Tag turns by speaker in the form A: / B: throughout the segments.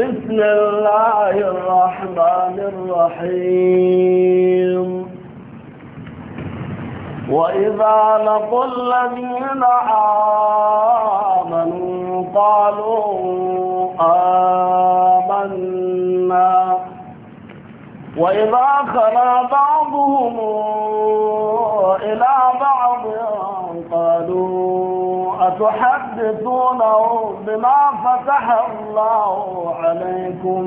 A: بسم الله الرحمن الرحيم وإذا لقوا الذين آمنوا قالوا آمنا وإذا خلا بعضهم إلى بعض قالوا أتحدثونه بما فتح الله عليكم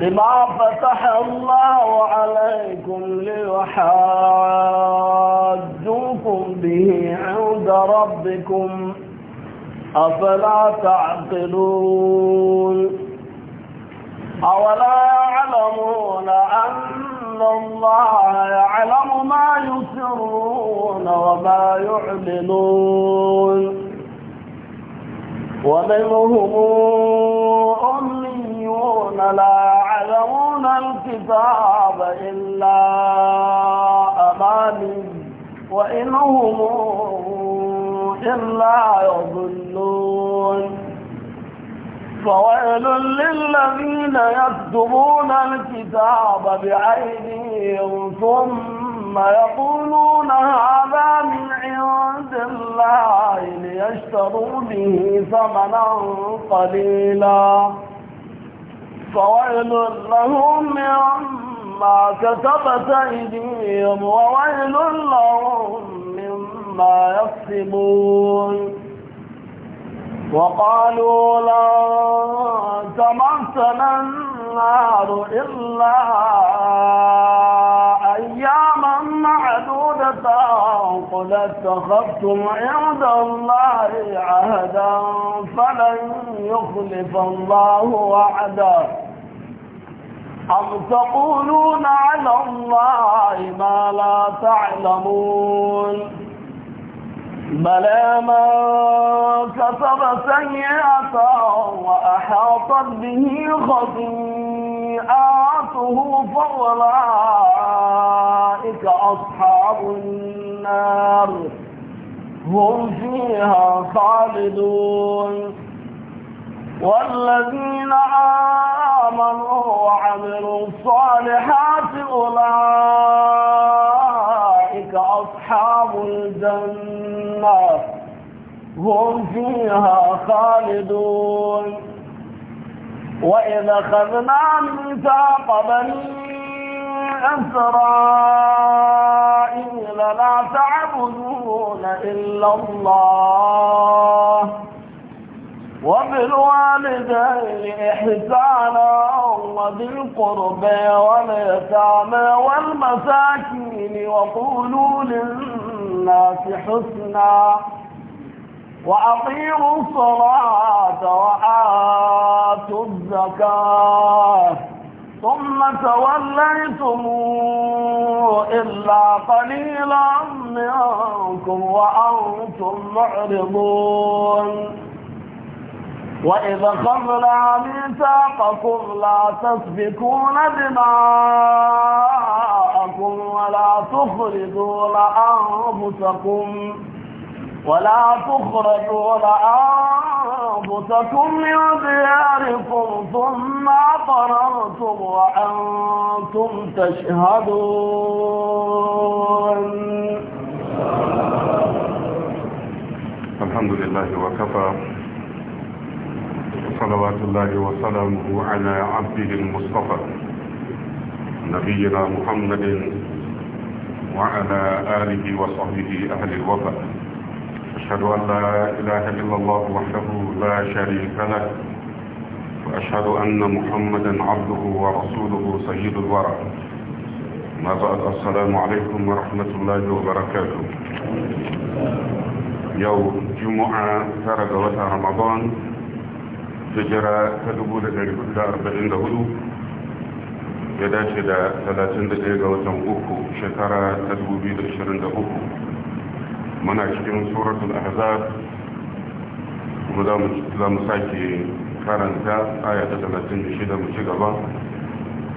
A: بما فتح الله عليكم ليحاجوكم به عند ربكم أفلا تعقلون أولا يعلمون أن الله يعلم ما يسرون وما يعلنون ومنهم أميون لا يعلمون الكتاب إلا أماني وإنهم إلا يضلون فويل للذين يكتبون الكتاب بأيديهم ثم يقولون هذا من عند الله ليشتروا به ثمنا قليلا فويل لهم مما كتبت أيديهم وويل لهم مما يكسبون وقالوا لن تمسنا النار إلا أياما معدودة قل اتخذتم عند الله عهدا فلن يخلف الله وعدا أم تقولون على الله ما لا تعلمون بلى من كسب سيئة وأحاطت به خطيئاته فأولئك أصحاب النار هم فيها خالدون والذين آمنوا وعملوا الصالحات أولئك أولئك أصحاب الجنة هم فيها خالدون وإذا خذنا ميثاق بني إسرائيل لا تعبدون إلا الله وبالوالدين إحسانا وبالقرب واليتامى والمساكين وقولوا للناس حسنا وأقيموا الصلاة وآتوا الزكاة ثم توليتم إلا قليلا منكم وأنتم معرضون وإذا قضنا ميثاقكم لا تسبكون دماءكم ولا تخرجون أنفسكم ولا تخرجون أنفسكم من دياركم ثم أقررتم وأنتم تشهدون
B: الحمد لله وكفى وصلوات الله وسلامه على عبده المصطفى نبينا محمد وعلى آله وصحبه أهل الوفا أشهد أن لا إله إلا الله وحده لا شريك له وأشهد أن محمدا عبده ورسوله سيد الورى ما بعد السلام عليكم ورحمة الله وبركاته يوم جمعة ترد رمضان hijira ta 1444 ya dace da 31 ga watan uku shekara ta 2023 muna cikin suratul ahzab kuma za mu sake karanta aya ta 36 mu ci gaba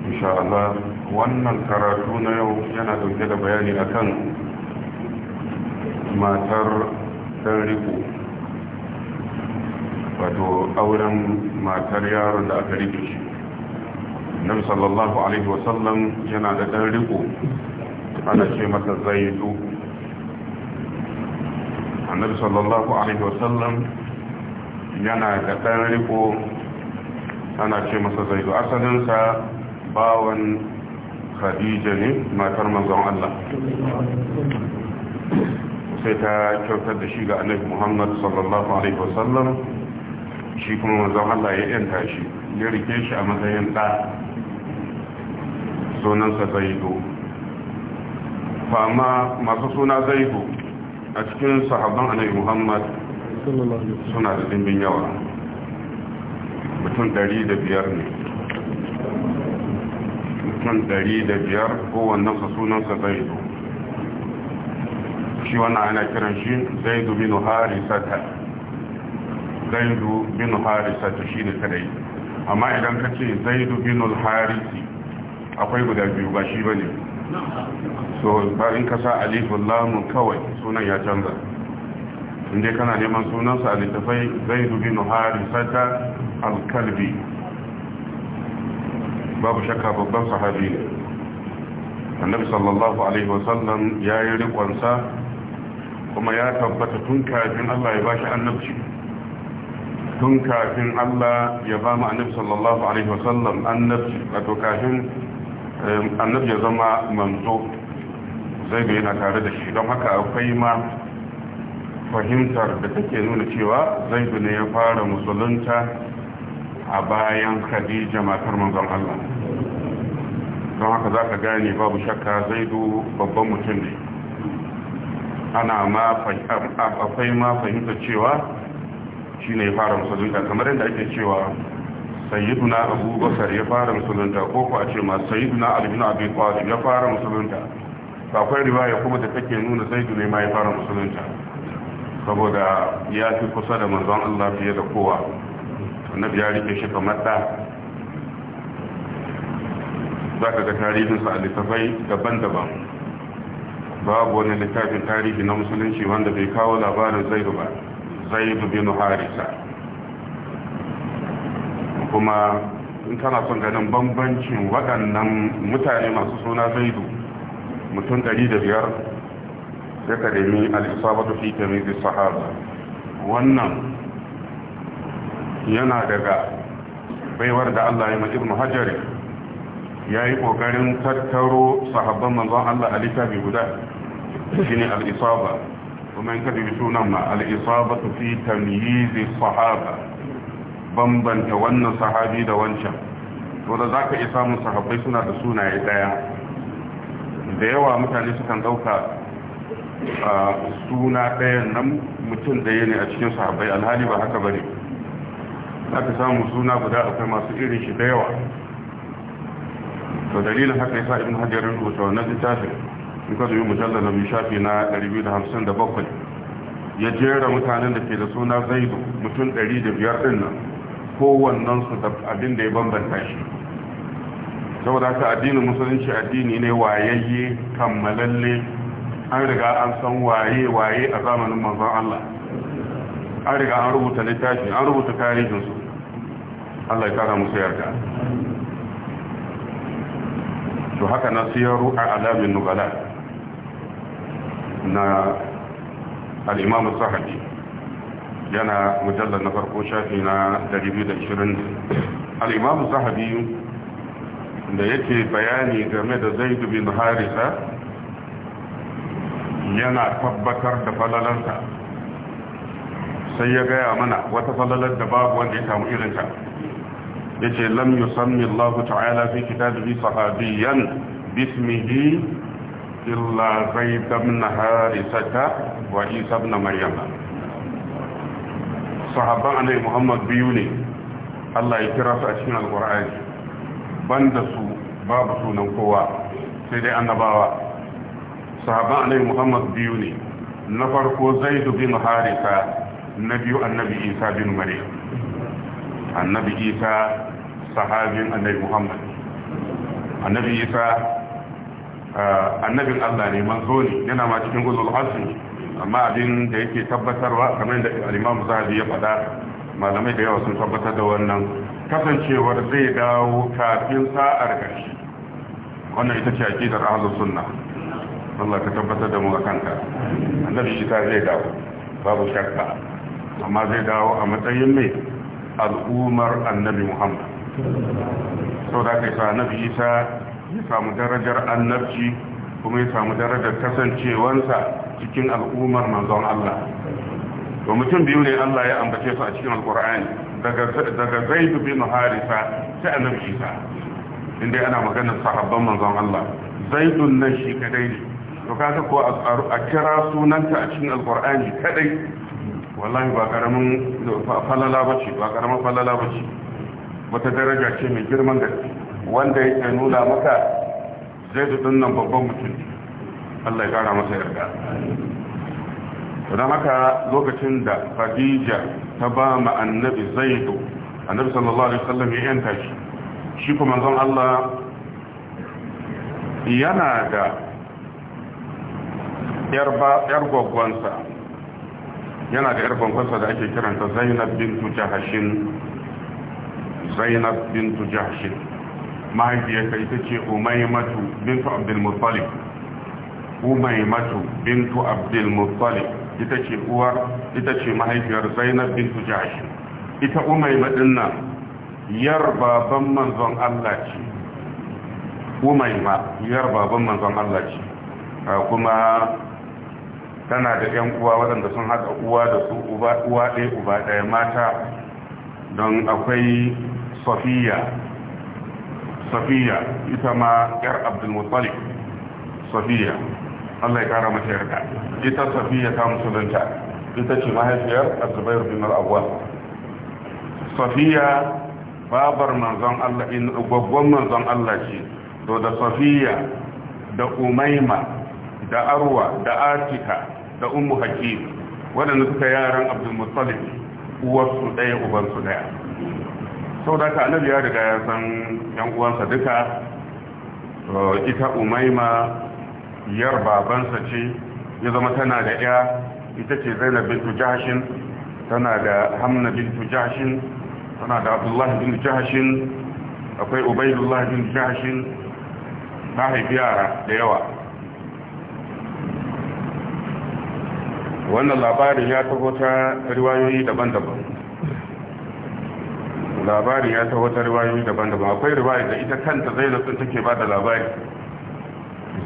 B: insha Allah wannan karatu na yau yana dauke da bayani akan matar dan wato auren matar yaron da aka rike shi nabi sallallahu alaihi wasallam yana da dan riko ana ce masa zaidu annabi sallallahu alaihi wasallam yana da dan riko ana ce masa zaidu asalinsa bawan khadija ne matar manzon Allah sai ta kyautar da shi ga annabi Muhammad sallallahu alaihi wasallam shi kuma wanzan Allah ya yanta shi ya rike shi a matsayin ɗa sunansa zaido fa ma masu suna zaido a cikin sahabban anayi Muhammad
C: suna da dimbin yawa
B: mutum ɗari da biyar ne mutum ɗari da biyar kowannensa sunansa zaido shi wannan ana kiran shi zaido bin sata. zaidu bin harisa ta shi ne kadai amma idan ka ce zaidu bin harisi akwai guda biyu ba shi ba ne so ba in ka sa alifin lamun kawai sunan ya canza inda kana neman sunansa a littafai zaidu bin harisa ta alkalbi babu shakka babban sahabi ne annabi sallallahu alaihi wasallam ya yi rikonsa kuma ya tabbata tun kafin allah ya bashi annabci tun kafin Allah ya ba mu annabi sallallahu alaihi wasallam annabi wato kafin eh, annabi ya zama manzo zai yana tare da shi don haka akwai ma fahimtar da take nuna cewa zai ne ya fara musulunta a bayan khadija matar manzon Allah don haka za ka gane babu shakka du babban mutum ne ana akwai ma fahimtar cewa shi ne ya fara musulunta kamar yadda ake cewa sayyiduna abu basar ya fara musulunta ko ku a ce ma sayyiduna albin abin kwari ya fara musulunta akwai riwaya kuma da take nuna sayyidu ma ya fara musulunta saboda ya fi kusa da manzon Allah fiye da kowa na biya rike shi kamar da za ka ga tarihin sa a littafai daban-daban babu wani littafin tarihi na musulunci wanda bai kawo labarin zai ba zaid bin harisa kuma in kana son ganin bambancin waɗannan mutane masu suna zaidu mutum ɗari da biyar ya karemi al'isabatu fi tamizi sahaba wannan yana daga baiwar da Allah ya ibn hajjari ya yi ƙoƙarin tattaro sahabban manzon Allah a littafi guda shi ne al'isaba kuma in ka sunan ma al fi tamyiz sahaba bambanta wannan sahabi da wancan to da ka isa mun sahabbai suna da sunaye daya da yawa mutane sukan dauka suna ɗayan nan mutum ɗaya ne a cikin sahabbai alhali ba haka Za ka samu suna guda akwai masu irin shi da yawa to dalilin haka yasa ibn hajar rubuta wannan littafin in su yi mujallar na shafi na 257 ya jera mutanen da ke da suna zaidu mutum 500 din nan su da abin da ya bambanta shi saboda ta addinin musulunci addini ne wayayye kammalalle an riga an san waye waye a zamanin manzon Allah an riga an rubuta littafi an rubuta tarihinsu Allah ya kara musu yarda to haka na a alamin nubala na al'imamu sahabi yana mujallar na farko shafi na 220 al'imamu sahabi da yake bayani game da zaidu bin harisa yana tabbatar da falalansa sai ya gaya mana wata falalar da babu wanda ya samu irinta ya ce lam yusammi Allah ta'ala fi kitabihi sahabiyan bismihi إلا زيد بن هارثة وعيسى بن مريم صحابة أنا محمد بيوني الله يكرس أشياء القرآن بندسو بابسو سنن سيدي أنا النباوة صحابة أنا محمد بيوني نفرق زيد بن هارثة نبي النبي عيسى بن مريم النبي عيسى صحابي النبي محمد النبي عيسى Ah, annabin Allah ne manzo ne yana ma cikin gulul asri amma abin da yake tabbatarwa kamar da al-Imam Zahabi ya faɗa malamai da yawa sun tabbatar da wannan kasancewar zai dawo kafin sa'ar ƙarshe wannan ita ce aqidar ahlus sunna Allah ka tabbatar da mu a kanka annabi shi ta zai dawo babu shakka amma zai dawo a matsayin mai al'umar annabi Muhammad
C: sau da kai yi sa annabi Isa ya samu darajar annabci kuma ya samu darajar kasancewansa cikin al'ummar manzon Allah
B: to mutum biyu ne Allah ya ambace su a cikin alkur'ani daga zaidu bin harisa sai annabi isa inda ana maganar sahabban manzon Allah zaidun nan shi kadai ne to kaga ko a kira sunanta a cikin alkur'ani kadai wallahi ba karamin falala bace ba karamin falala bace wata daraja ce mai girman gaske wanda yake nuna maka zai dudun nan babban mutum Allah ya kara masa yarda don haka lokacin da Fadija ta ba ma annabi zaidu annabi sallallahu alaihi wasallam ya yanta shi shi kuma zan Allah yana da yar gwaggwansa yana da yar gwaggwansa da ake kiranta zainab bintu jahashin zainab bintu jahashin mahaifiyarsa ita ce umaymatu bintu abdul muttalib umaymatu bintu abdul muttalib ita ce uwa ita ce mahaifiyar zainab bintu jahsh ita umayma dinnan yar baban manzon Allah ce umayma yar baban manzon Allah ce ah, kuma tana da yan uwa waɗanda sun haɗa uwa da su uwa ɗaya uba ɗaya mata don akwai safiya safiya ita ma yar abdulmuttalib safiya Allah ya kara mata yarda ita safiya ta musulunta ita ce mahaifiyar azubair bin al-awwal safiya babar manzon Allah in gwaggon manzon Allah ce to da safiya da umaima da arwa da atika da ummu hakim waɗanda suka yaran abdulmuttalib uwarsu ɗaya ubansu ɗaya sau da ka annabi ya riga ya san yan uwansa duka uh, ita umaima yar babansa ce ya zama tana da ya ita ce zainab bintu jahashin tana da hamna bintu jahashin tana da abdullah bin jahashin akwai ubaidullah bin jahashin ta haifi yara da yawa wannan labarin ya taho ta riwayoyi daban-daban labari ya ta wata riwayoyi daban-daban akwai riwaya da ita kanta zainab din take ba da labari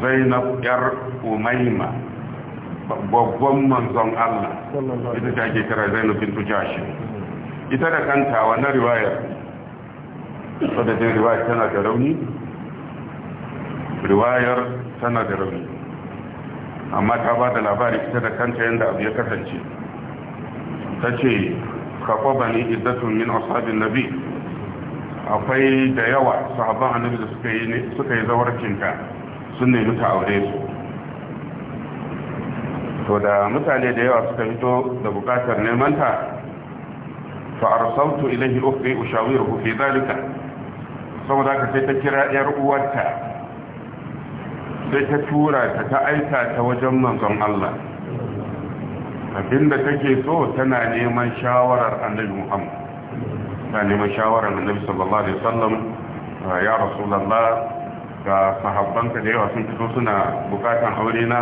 B: zainab yar umayma babban manzon Allah ita ta ke kira zainab bin jashi ita da kanta wannan riwayar
C: wadda dai riwayar
B: tana da rauni riwayar tana da rauni amma ta ba da labari ita da kanta yadda abu ya kasance ta ce khatabani iddatun min ashabin nabi akwai da yawa sahabban annabi da suka yi suka yi zawarcinta sun nemi ta aure su to da mutane da yawa suka fito da bukatar neman ta fa arsaltu ilayhi ukhti ushawiruhu fi dhalika saboda ka sai ta kira yar uwarta sai ta tura ta ta aika ta wajen manzon Allah abinda take so tana neman shawarar annabi muhammad tana neman shawarar annabi sallallahu alaihi wasallam ah, ya rasulullah ga sahabbanka da yawa sun fito suna bukatan aure na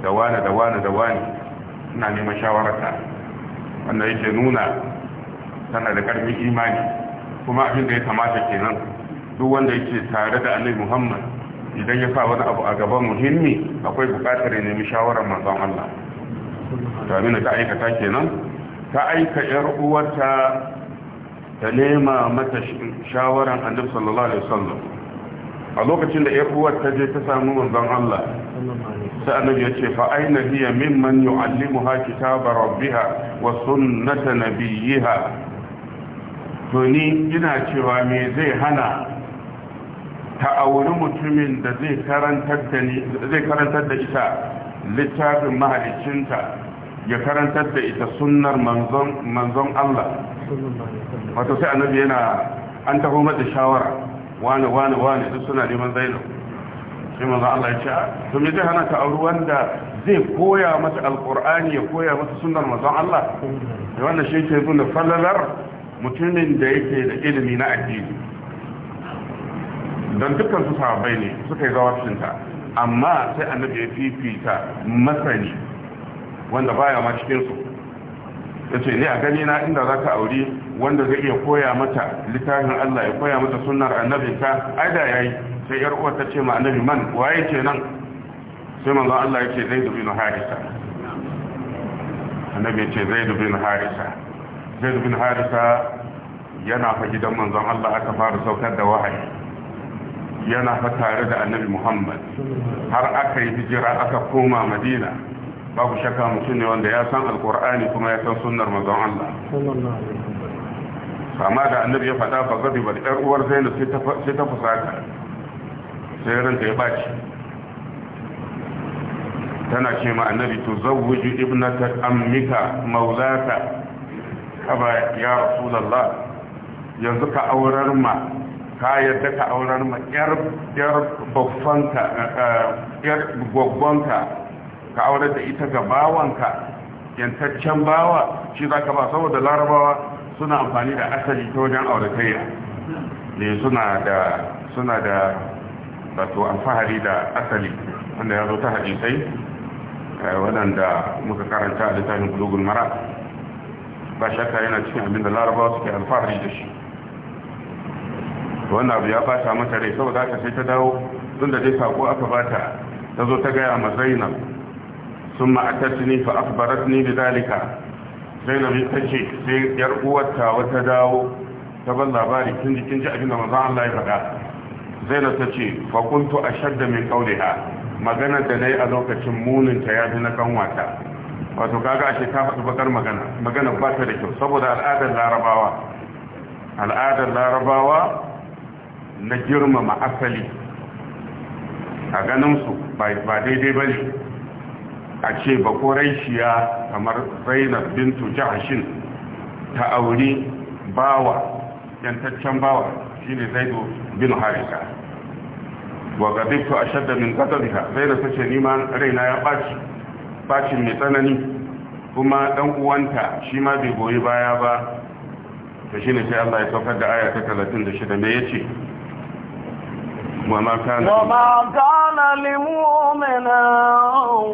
B: da wani da wani da wani suna neman shawararka wanda yake nuna tana da karfin imani kuma abin da ya kamata kenan duk wanda yake tare da annabi muhammad idan ya sa wani abu a gaban muhimmi akwai bukatar ya nemi shawarar manzon Allah Tamin' da ta aikata kenan ta aika yar uwarta ta nema mata shawaran annabi sallallahu alaihi wasallam a lokacin da yar uwar ta je ta samu manzon Allah sai annabi ya ce fa aina hiya mimman yu'allimuha kitaba rabbiha wa sunnata nabiyha to ni ina cewa me zai hana ta auri mutumin da zai karantar da ita littafin mahalicinta ya karantar da ita sunnar manzon Allah wato sai annabi yana an taho mata shawara wani wani wani duk suna neman zainab shi manzon Allah ya ce ah, to me zai hana ta auri wanda zai koya mata alqur'ani ya koya mata sunnar manzon Allah da wannan shi ke nuna falalar mutumin da yake da ilimi na addini don dukkan su sahabbai ne suka yi zawarcinta amma sai annabi ya fifita masani wanda baya ma cikinsu ya ce ne a gani na inda za ka auri wanda zai iya koya mata littafin Allah ya koya mata Annabi. Ka ai ya yi sai yar uwar ta ce ma annabi man waye ce nan sai manzo Allah ya ce Zaid bin Harisa annabi ya ce Zaid bin Harisa Zaid bin Harisa yana fa gidan manzon Allah aka fara saukar da wahayi yana fa tare da annabi Muhammad har aka yi hijira aka koma Madina babu shakka mutum ne wanda ya san alkur'ani kuma ya san sunnar manzon
C: Allah
B: kama da annabi ya faɗa ba gadi ba da uwar zainab sai ta fusata sai ranta ya baci tana ce ma annabi to zawuju ibnata ammika maulata Kaba ya rasulullah yanzu ka aurar ma ka yadda ka aurar ma yar babbanka yar eh, eh, ka aure da ita ga bawanka yantaccen bawa shi za ka ba saboda larabawa suna amfani da asali ta wajen auratayya ne suna da suna da wato alfahari da asali wanda ya zo ta hadisai eh, waɗanda muka karanta a littafin bulugun mara ba shakka yana cikin abin da larabawa suke alfahari da shi wannan abu ya bata mata rai saboda aka sai ta dawo tun da dai sako aka bata ta zo ta gaya ma zainab ثم أتتني فأخبرتني بذلك زينب تشي سي يرقوتها وتداو تبال لاباري كنجي كنجي أبن رمضان الله يبقى زينب تشي فكنت أشد من قولها magana da na yi a lokacin muninta ya fi na kanwata wato kaga ashe ta faɗi bakar magana magana ba ta da kyau saboda al'adar larabawa al'adar larabawa na girmama asali a ganinsu ba daidai ba ne a ce ba koraishiya kamar zainab bintu jahashin ta auri bawa yantaccen bawa shine zaidu bin harika wa a shadda min zai zainab tace ni ma raina ya ɓaci mai tsanani kuma dan uwanta shi ma bai goyi baya ba shi ne sai Allah ya saukar da ayata 36 mai me ce? وما كان وما
A: كان لمؤمن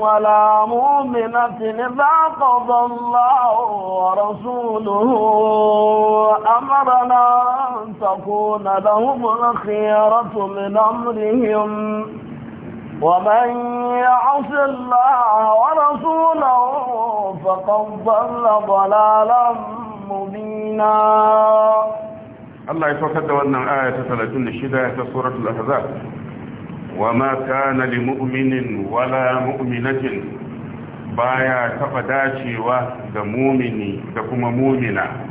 A: ولا مؤمنة إذا قضى الله ورسوله أمرنا أن تكون لهم الخيرة من أمرهم ومن يعص الله ورسوله فقد ضل
B: ضلالا مبينا Allah ya saukar da wannan aya ta 36 ta suratul ahzab wama kana li mu'minin wala mu'minatin baya taba dacewa da mumini da kuma mumina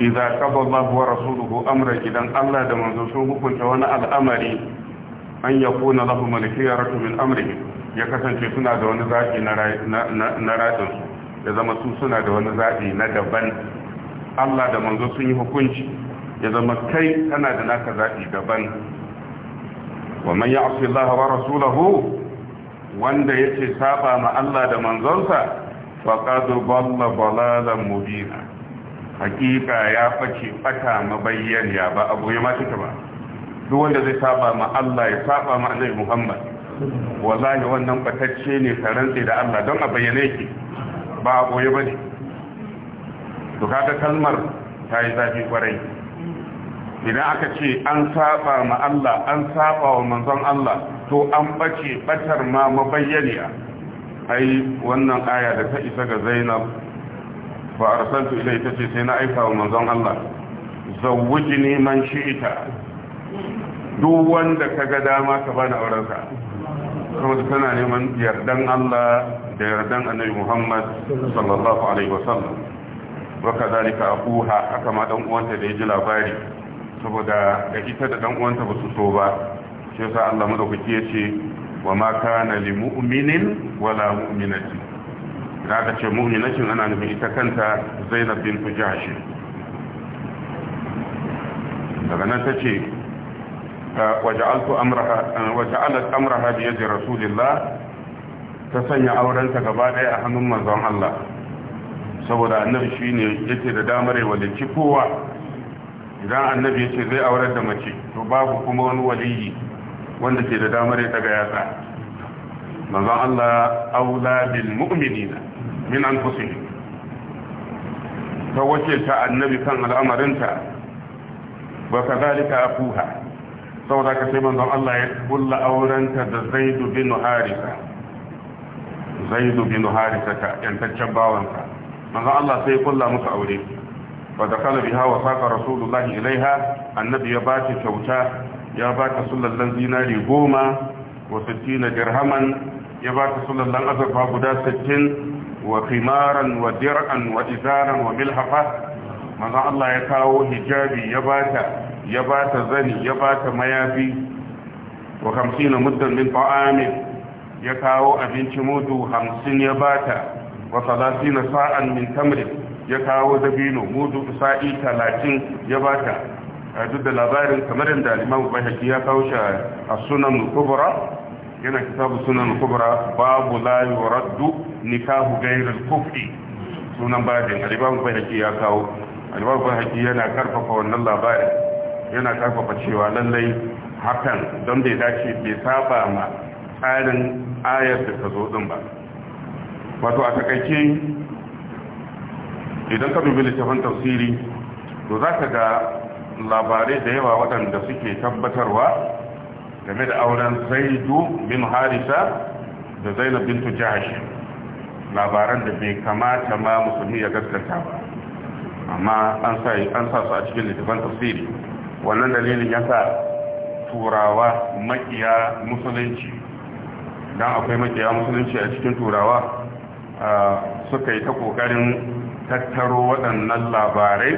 B: idza qada Allah wa rasuluhu amra idan Allah da manzo sun hukunta wani al'amari an yakuna lahum al-khiyaratu min amrihi ya kasance suna da wani zabi na na na ya zama su suna da wani zabi na daban Allah da manzo sun yi hukunci ya zama kai kana da naka zaɓi daban wa man ya'si Allah wa rasulahu wanda yake saba ma Allah da manzonsa faqad balla balalan mubina hakika ya face bata mabayyaniya ba abu ya ma ta ba duk wanda zai saba ma Allah ya saba ma Annabi Muhammad wallahi wannan batacce ne rantse da Allah don a bayyane ki ba abu ya bane to kaga kalmar ta yi zafi kwarai idan aka ce an saba ma Allah an saba wa manzon Allah to an bace batar ma mabayyaniya ai wannan aya da ta isa ga Zainab fa arsaltu ilai tace sai na aika wa manzon Allah zawwijni man shi'ita duk wanda kaga dama ka bani auren ka kuma tana neman yardan Allah da yardan Annabi Muhammad sallallahu alaihi wasallam wa a akuha haka ma dan uwanta da ya ji labari saboda da ita da dan uwanta ba su so ba shi yasa Allah madaukaki ya ce wa ma kana li mu'minin wala mu'minatin da aka ce mu'minatin ana nufin ita kanta Zainab bintu Jahsh daga nan ta ce waja'altu amraha waja'alat amraha bi yadi rasulillah ta sanya aurenta gaba daya a hannun manzon Allah saboda annabi shi ne yake da damar walici kowa idan annabi ya ce zai aurar da mace to babu kuma wani waliyi wanda ke da damar ya daga yatsa manzon Allah aula bil mu'minina min anfusihim ta wace ta annabi kan al'amarinta ba ka zalika afuha saboda ka sai manzon Allah ya kulla aurenta da Zaidu bin Harisa Zaidu bin Harisa ta yantaccen bawansa manzo Allah sai kulla musu aure fa dakala biha wa saqa rasulullahi ilaiha annabi ya bata kyauta ya bata sullallan zinari goma wa 60 dirhaman ya bata sullallan azurfa guda 60 wa khimaran wa dir'an wa izaran wa milhafa manzo Allah ya kawo hijabi ya bata ya bata zani ya bata mayafi wa 50 muddan min ta'amin ya kawo abinci mudu 50 ya bata wa salatina sa'an min tamri ya kawo dabino mudu sa'i 30 ya bata duk da labarin kamar yadda al-Imam Bayhaqi ya kawo shi a Sunan Kubra yana kitabu Sunan Kubra babu la yuraddu nikahu ghayr al-kufri sunan babin al-Imam Bayhaqi ya kawo al-Imam Bayhaqi yana karfafa wannan labarin yana karfafa cewa lallai hakan don bai dace bai saba ma tsarin ayar da ta zo din ba wato a takaice idan ka dubi littafin tafsiri to za ka ga labarai da yawa waɗanda suke tabbatarwa game da auren zaidu bin harisa da zainab bin tujahashi labaran da bai kamata ma musulmi ya gaskata ba amma an sa su a cikin littafin tafsiri wannan dalilin ya sa turawa makiya musulunci don akwai makiya musulunci a cikin turawa suka yi ta kokarin tattaro waɗannan labarai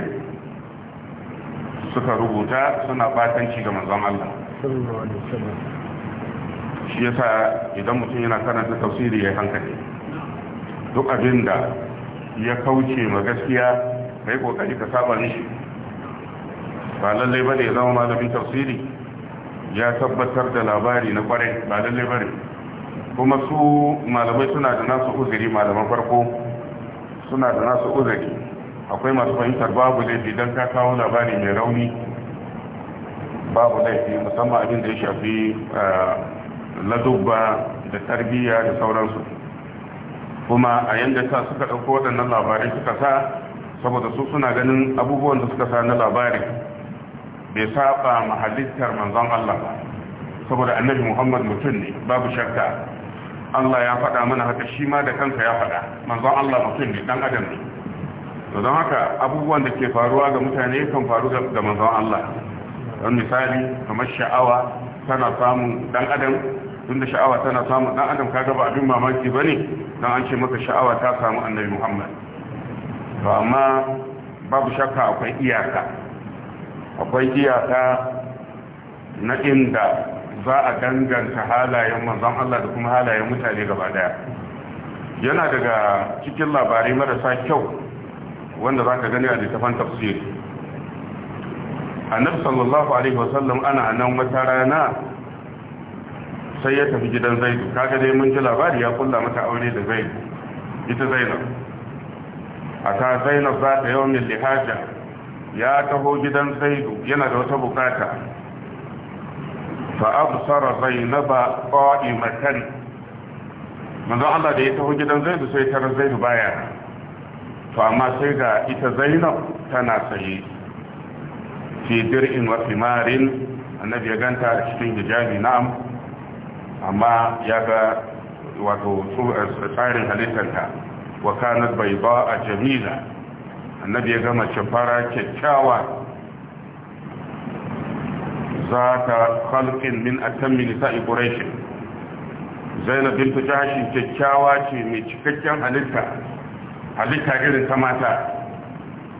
B: suka rubuta suna batanci ga mazan Allah shi yasa idan mutum yana karanta tafsiri ya hankali duk abin da ya kauce ma gaskiya kai kokari ka saba nishi. ba lallai bane ya zama malamin tafsiri ya tabbatar da labari na kwarai ba lallai bane kuma su malamai suna da nasu uzuri malaman farko suna da nasu uzuri akwai masu fahimtar babu laifi don ka kawo labari mai rauni babu laifi musamman abin da ya shafi eh, ladubba da tarbiyya da sauransu kuma a yadda ta suka ɗauko waɗannan labarai suka sa saboda su suna ganin abubuwan da suka sa na labari, bai saba mahalittar manzon Allah ba saboda annabi Muhammad mutum ne babu shakka Allah ya faɗa mana haka shi ma da kansa ya faɗa manzon Allah mutum ne dan adam ne to don haka abubuwan da ke faruwa ga mutane kan faru ga manzon Allah don misali kamar sha'awa tana samun dan adam tunda sha'awa tana samun dan adam kaga ba abin mamaki bane dan an ce maka sha'awa ta samu annabi Muhammad to amma babu shakka akwai iyaka akwai iyaka na inda za a danganta halayen manzon Allah da kuma halayen mutane gaba daya yana daga cikin labarai marasa kyau wanda za ka gani a littafan tafsiri annabi sallallahu alaihi wasallam ana nan wata rana sai ya tafi gidan zaidu kaga dai mun ji labari ya kulla mata aure da zaidu ita zainab a ta zainab za ta yawon lihaja ya taho gidan zaidu yana da wata bukata فأبصر زينب قائمة من الله da ya ta taho gidan Zainab sai ta Zainab baya to amma sai ga ita Zainab tana sayi. fi dir'in wa fimarin annabi ganta a cikin hijabi na'am amma ya ga wato tsarin halittarta wa bai bayda a jamila annabi ya ga mace fara kyakkyawa zata khalqin min atammi nisa'i quraish zainab bint jahsh kyakkyawa ce mai cikakken halitta halitta irin ta mata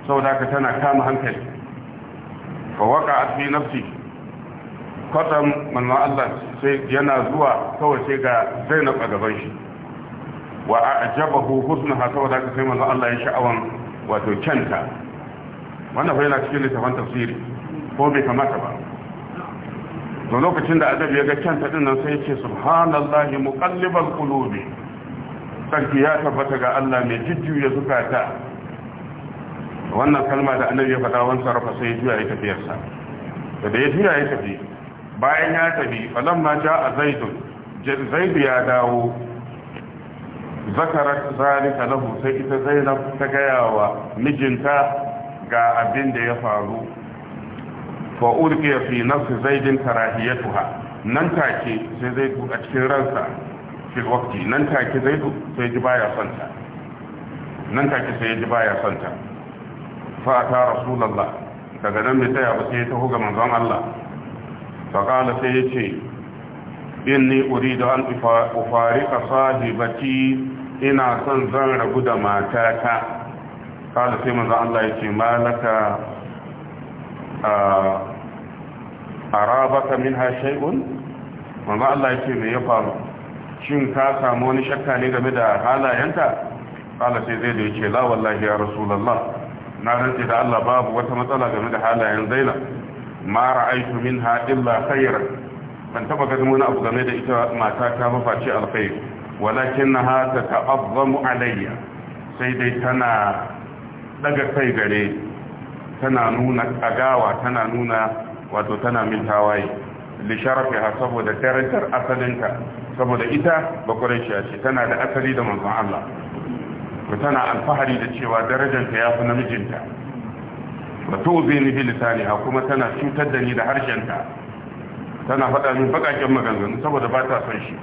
B: saboda tana kama hankali fa waqa'at fi nafsi qatam man Allah sai yana zuwa kawai sai ga zainab a gaban shi wa a'jabahu husnaha saboda ka sai manzo Allah ya sha'awan wato kyanta wannan fa yana cikin littafin tafsiri ko bai kamata ba to lokacin da adab ya ga kyanta din nan sai ya ce subhanallahi muqallibal qulubi sarki ya tabbata ga Allah mai jujjuya zukata wannan kalma da annabi ya faɗa wannan sarfa sai ya juya ya tafiyarsa da da ya juya ya tafi bayan ya tafi ma ja'a zaidun zaidu ya dawo zakarar zalika lahu sai ita zainab ta gaya wa mijinta ga abin da ya faru fa ulqiya fi nafsi zaidin karahiyatuha nan take sai zai a cikin ransa fil waqti nan take zai sai ji baya son ta nan take sai ji baya son ta fa ta rasulullah daga nan mai tsaya ba sai ta taho manzon Allah fa qala sai yace inni uridu an ufarika sahibati ina son zan rabu da matata kada sai manzo Allah ya ce malaka arabaka minha shay'un manzo Allah ce me ya faru shin ka samu wani shakka ne game da halayenta kala sai zai da yake la wallahi ya rasulallah. na rantsi da Allah babu wata matsala game da halayen Zainab Mara ra'aytu minha illa ban taba ganin wani abu game da ita mata ta mafaci alkhair walakinnaha tata'azzamu alayya sai dai tana daga kai gare tana nuna tsagawa tana nuna wato tana min tawaye lisharafiha saboda darajar asalinka, saboda ita bakwarciya ce tana da asali da manzon Allah Ku tana alfahari da cewa darajarta ya fi namijinta ba to zai nufi lisaniha kuma tana cutar da ni da harshenta tana faɗa min baƙaƙen maganganu saboda ba ta son shi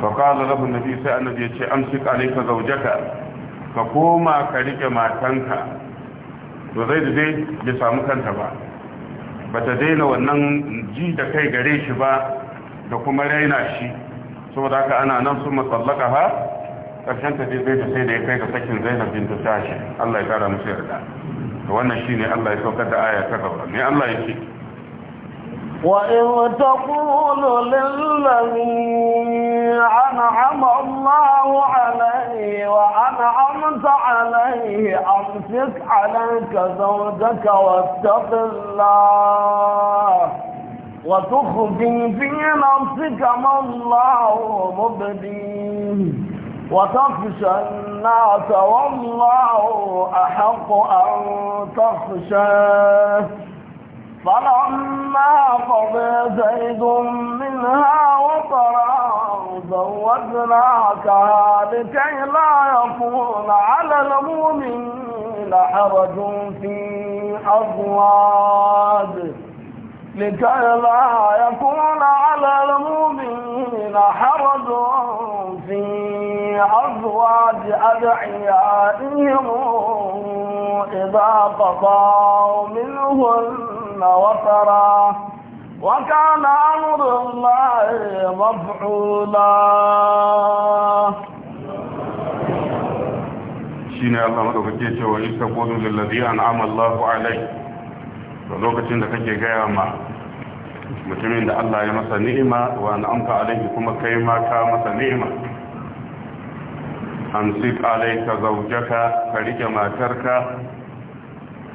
B: faƙalar rabin nabi sai annabi ya ce amsik ka zaujaka ka koma ka riƙe matanka to zai dai bai samu kanta ba ba ta daina wannan ji da kai gare shi ba da kuma raina shi saboda haka ana nan sun matsallaka ha ƙarshen ta zai ta sai da ya kai ga sakin zainab bin ta sashi Allah ya kara musu yarda to wannan shine Allah ya saukar da aya ta gaba ne Allah ya ce
A: وإن تقول للذي أنعم الله عليه وأنعمت عليه أمسك عليك زوجك واتق الله وتخفي في نفسك ما الله مبديه وتخشى الناس والله أحق أن تخشاه فلما قضى زيد منها وطرا زوجناكها لكي لا يكون على المؤمنين حرج في أزواج لكي لا يكون على المؤمنين حرج في أزواج أدعيائهم إذا قضوا منهن وترى وكان أمر الله مفعولا
B: shine Allah madaukake cewa isa qulu lil ladhi an'ama Allahu alayhi to lokacin da kake gaya ma mutumin da Allah ya masa ni'ima wa amka alaihi kuma kai ma ka masa ni'ima amsik alayka zawjaka ka rike matarka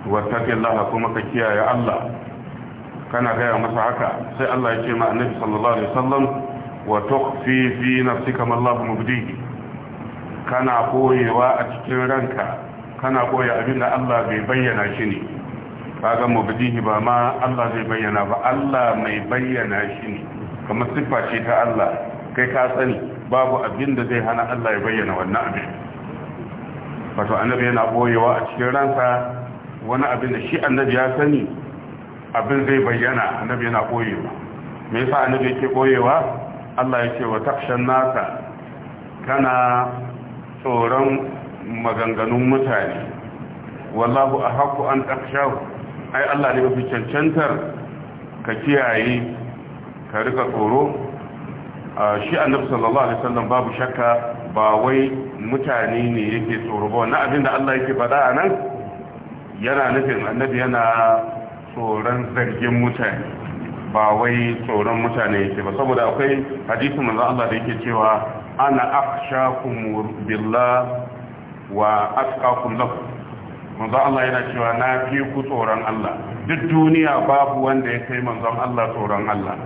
B: wattaki Allah kuma ka kiyaye Allah kana gaya masa haka sai Allah ya ce ma annabi sallallahu alaihi wasallam wa tukhfi fi nafsika ma Allah mubdi kana koyewa a cikin ranka kana koya abin da Allah bai bayyana shi ne kaga mubdihi ba ma Allah zai bayyana ba Allah mai bayyana shi ne kamar siffa ce ta Allah kai ka sani babu abin da zai hana Allah ya bayyana wannan abin wato annabi yana koyewa a cikin ranka. wani abin da shi annabi ya sani abin zai bayyana annabi yana koyewa me yasa annabi yake koyewa Allah ya ce wa takshan nasa kana tsoron maganganun mutane wallahu ahaqqu an takshahu ai Allah ne mafi cancantar ka kiyaye ka rika tsoro shi annabi sallallahu alaihi wasallam babu shakka ba wai mutane ne yake tsoro ba wannan abin da Allah yake faɗa a nan yana nufin annabi yana tsoron zargin mutane ba wai tsoron mutane yake ba saboda akwai hadisin manzo Allah da yake cewa ana akhshakum billah wa atqakum lakum manzo Allah yana cewa na fi ku tsoron Allah duk duniya babu wanda ya kai manzon Allah tsoron Allah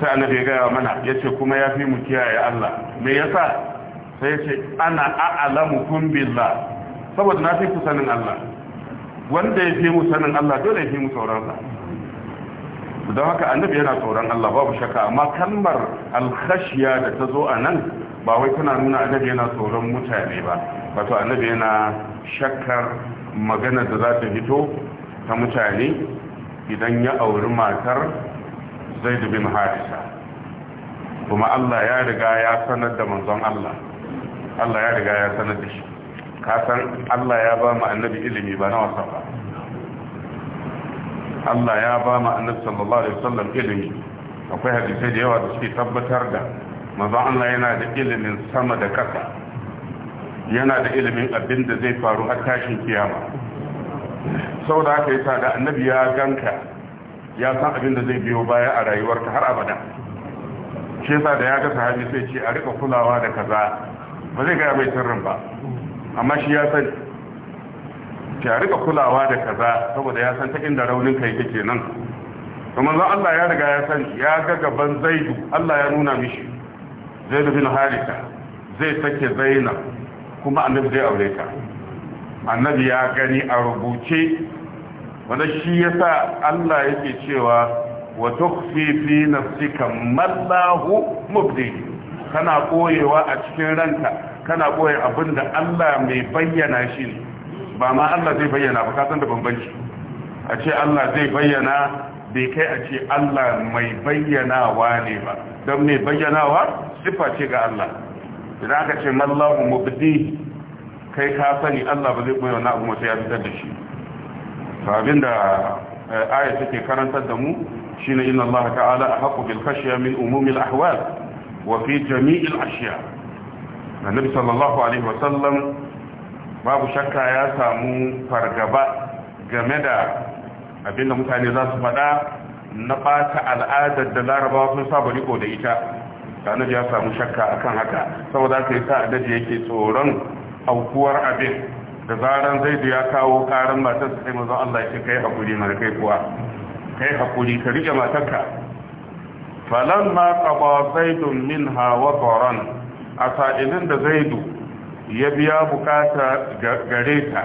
B: sai annabi ya gaya mana yace kuma ya fi mu kiyaye Allah me yasa sai ce ana a'lamukum billah saboda na fi ku sanin Allah wanda ya fi mu sanin Allah dole ya fi mu tsoron sa don haka annabi yana tsoron Allah babu shakka amma kalmar alkhashiya da ta zo a nan ba wai tana nuna annabi yana tsoron mutane ba wato annabi yana shakkar magana da za ta fito ta mutane idan ya auri matar zaid bin harisa kuma Allah ya riga ya sanar da manzon Allah Allah ya riga ya sanar da shi ka san Allah ya ba mu annabi ilimi ba na wasan ba Allah ya ba mu annabi sallallahu alaihi wasallam ilimi akwai hadisai da yawa da suke tabbatar da manzon Allah yana da ilimin sama da kasa yana da ilimin abin da zai faru har tashin kiyama saboda haka yasa da annabi ya ganka ya san abin da zai biyo baya a rayuwarka har abada shi yasa da ya ga sahabi sai ce a rika kulawa da kaza ba zai ga mai sirrin ba amma shi ya san ya rika kulawa da kaza saboda ya san ta inda raunin kai yake nan kuma zan Allah ya riga ya san ya ga gaban Zaidu Allah ya nuna mishi Zaidu bin Harisa zai sake Zainab kuma annabi zai aure ta annabi ya gani a rubuce wanda shi yasa Allah yake cewa wa tukhfi fi nafsika ma mubdi kana koyewa a cikin ranka kana boye abin da Allah mai bayyana shi ne ba ma Allah zai bayyana ba kasan da bambanci a ce Allah zai bayyana bai kai a ce Allah mai bayyanawa ne ba don mai bayyanawa sifa ce ga Allah idan aka ce mallahu mubdi kai ka sani Allah ba zai boye wannan abu sai ya fitar da shi to abinda eh, aya take karantar da mu shine inna Allah ta'ala ahqqu bil khashya min umumil ahwal wa fi jami'il ashiya' annabi sallallahu alaihi wasallam babu shakka ya samu fargaba game da abinda mutane za su faɗa na ɓata al'adar da larabawa sun saba riko da ita annabi ya samu shakka akan haka saboda yi sa annabi yake tsoron aukuwar abin da zaran zaidu ya kawo karan matar sai mazan Allah ya ce kai hakuri mara kai kuwa kai hakuri ka rike matarka falan قضى زيد منها وطرا a fa’inin da zaidu ya biya bukata gare ta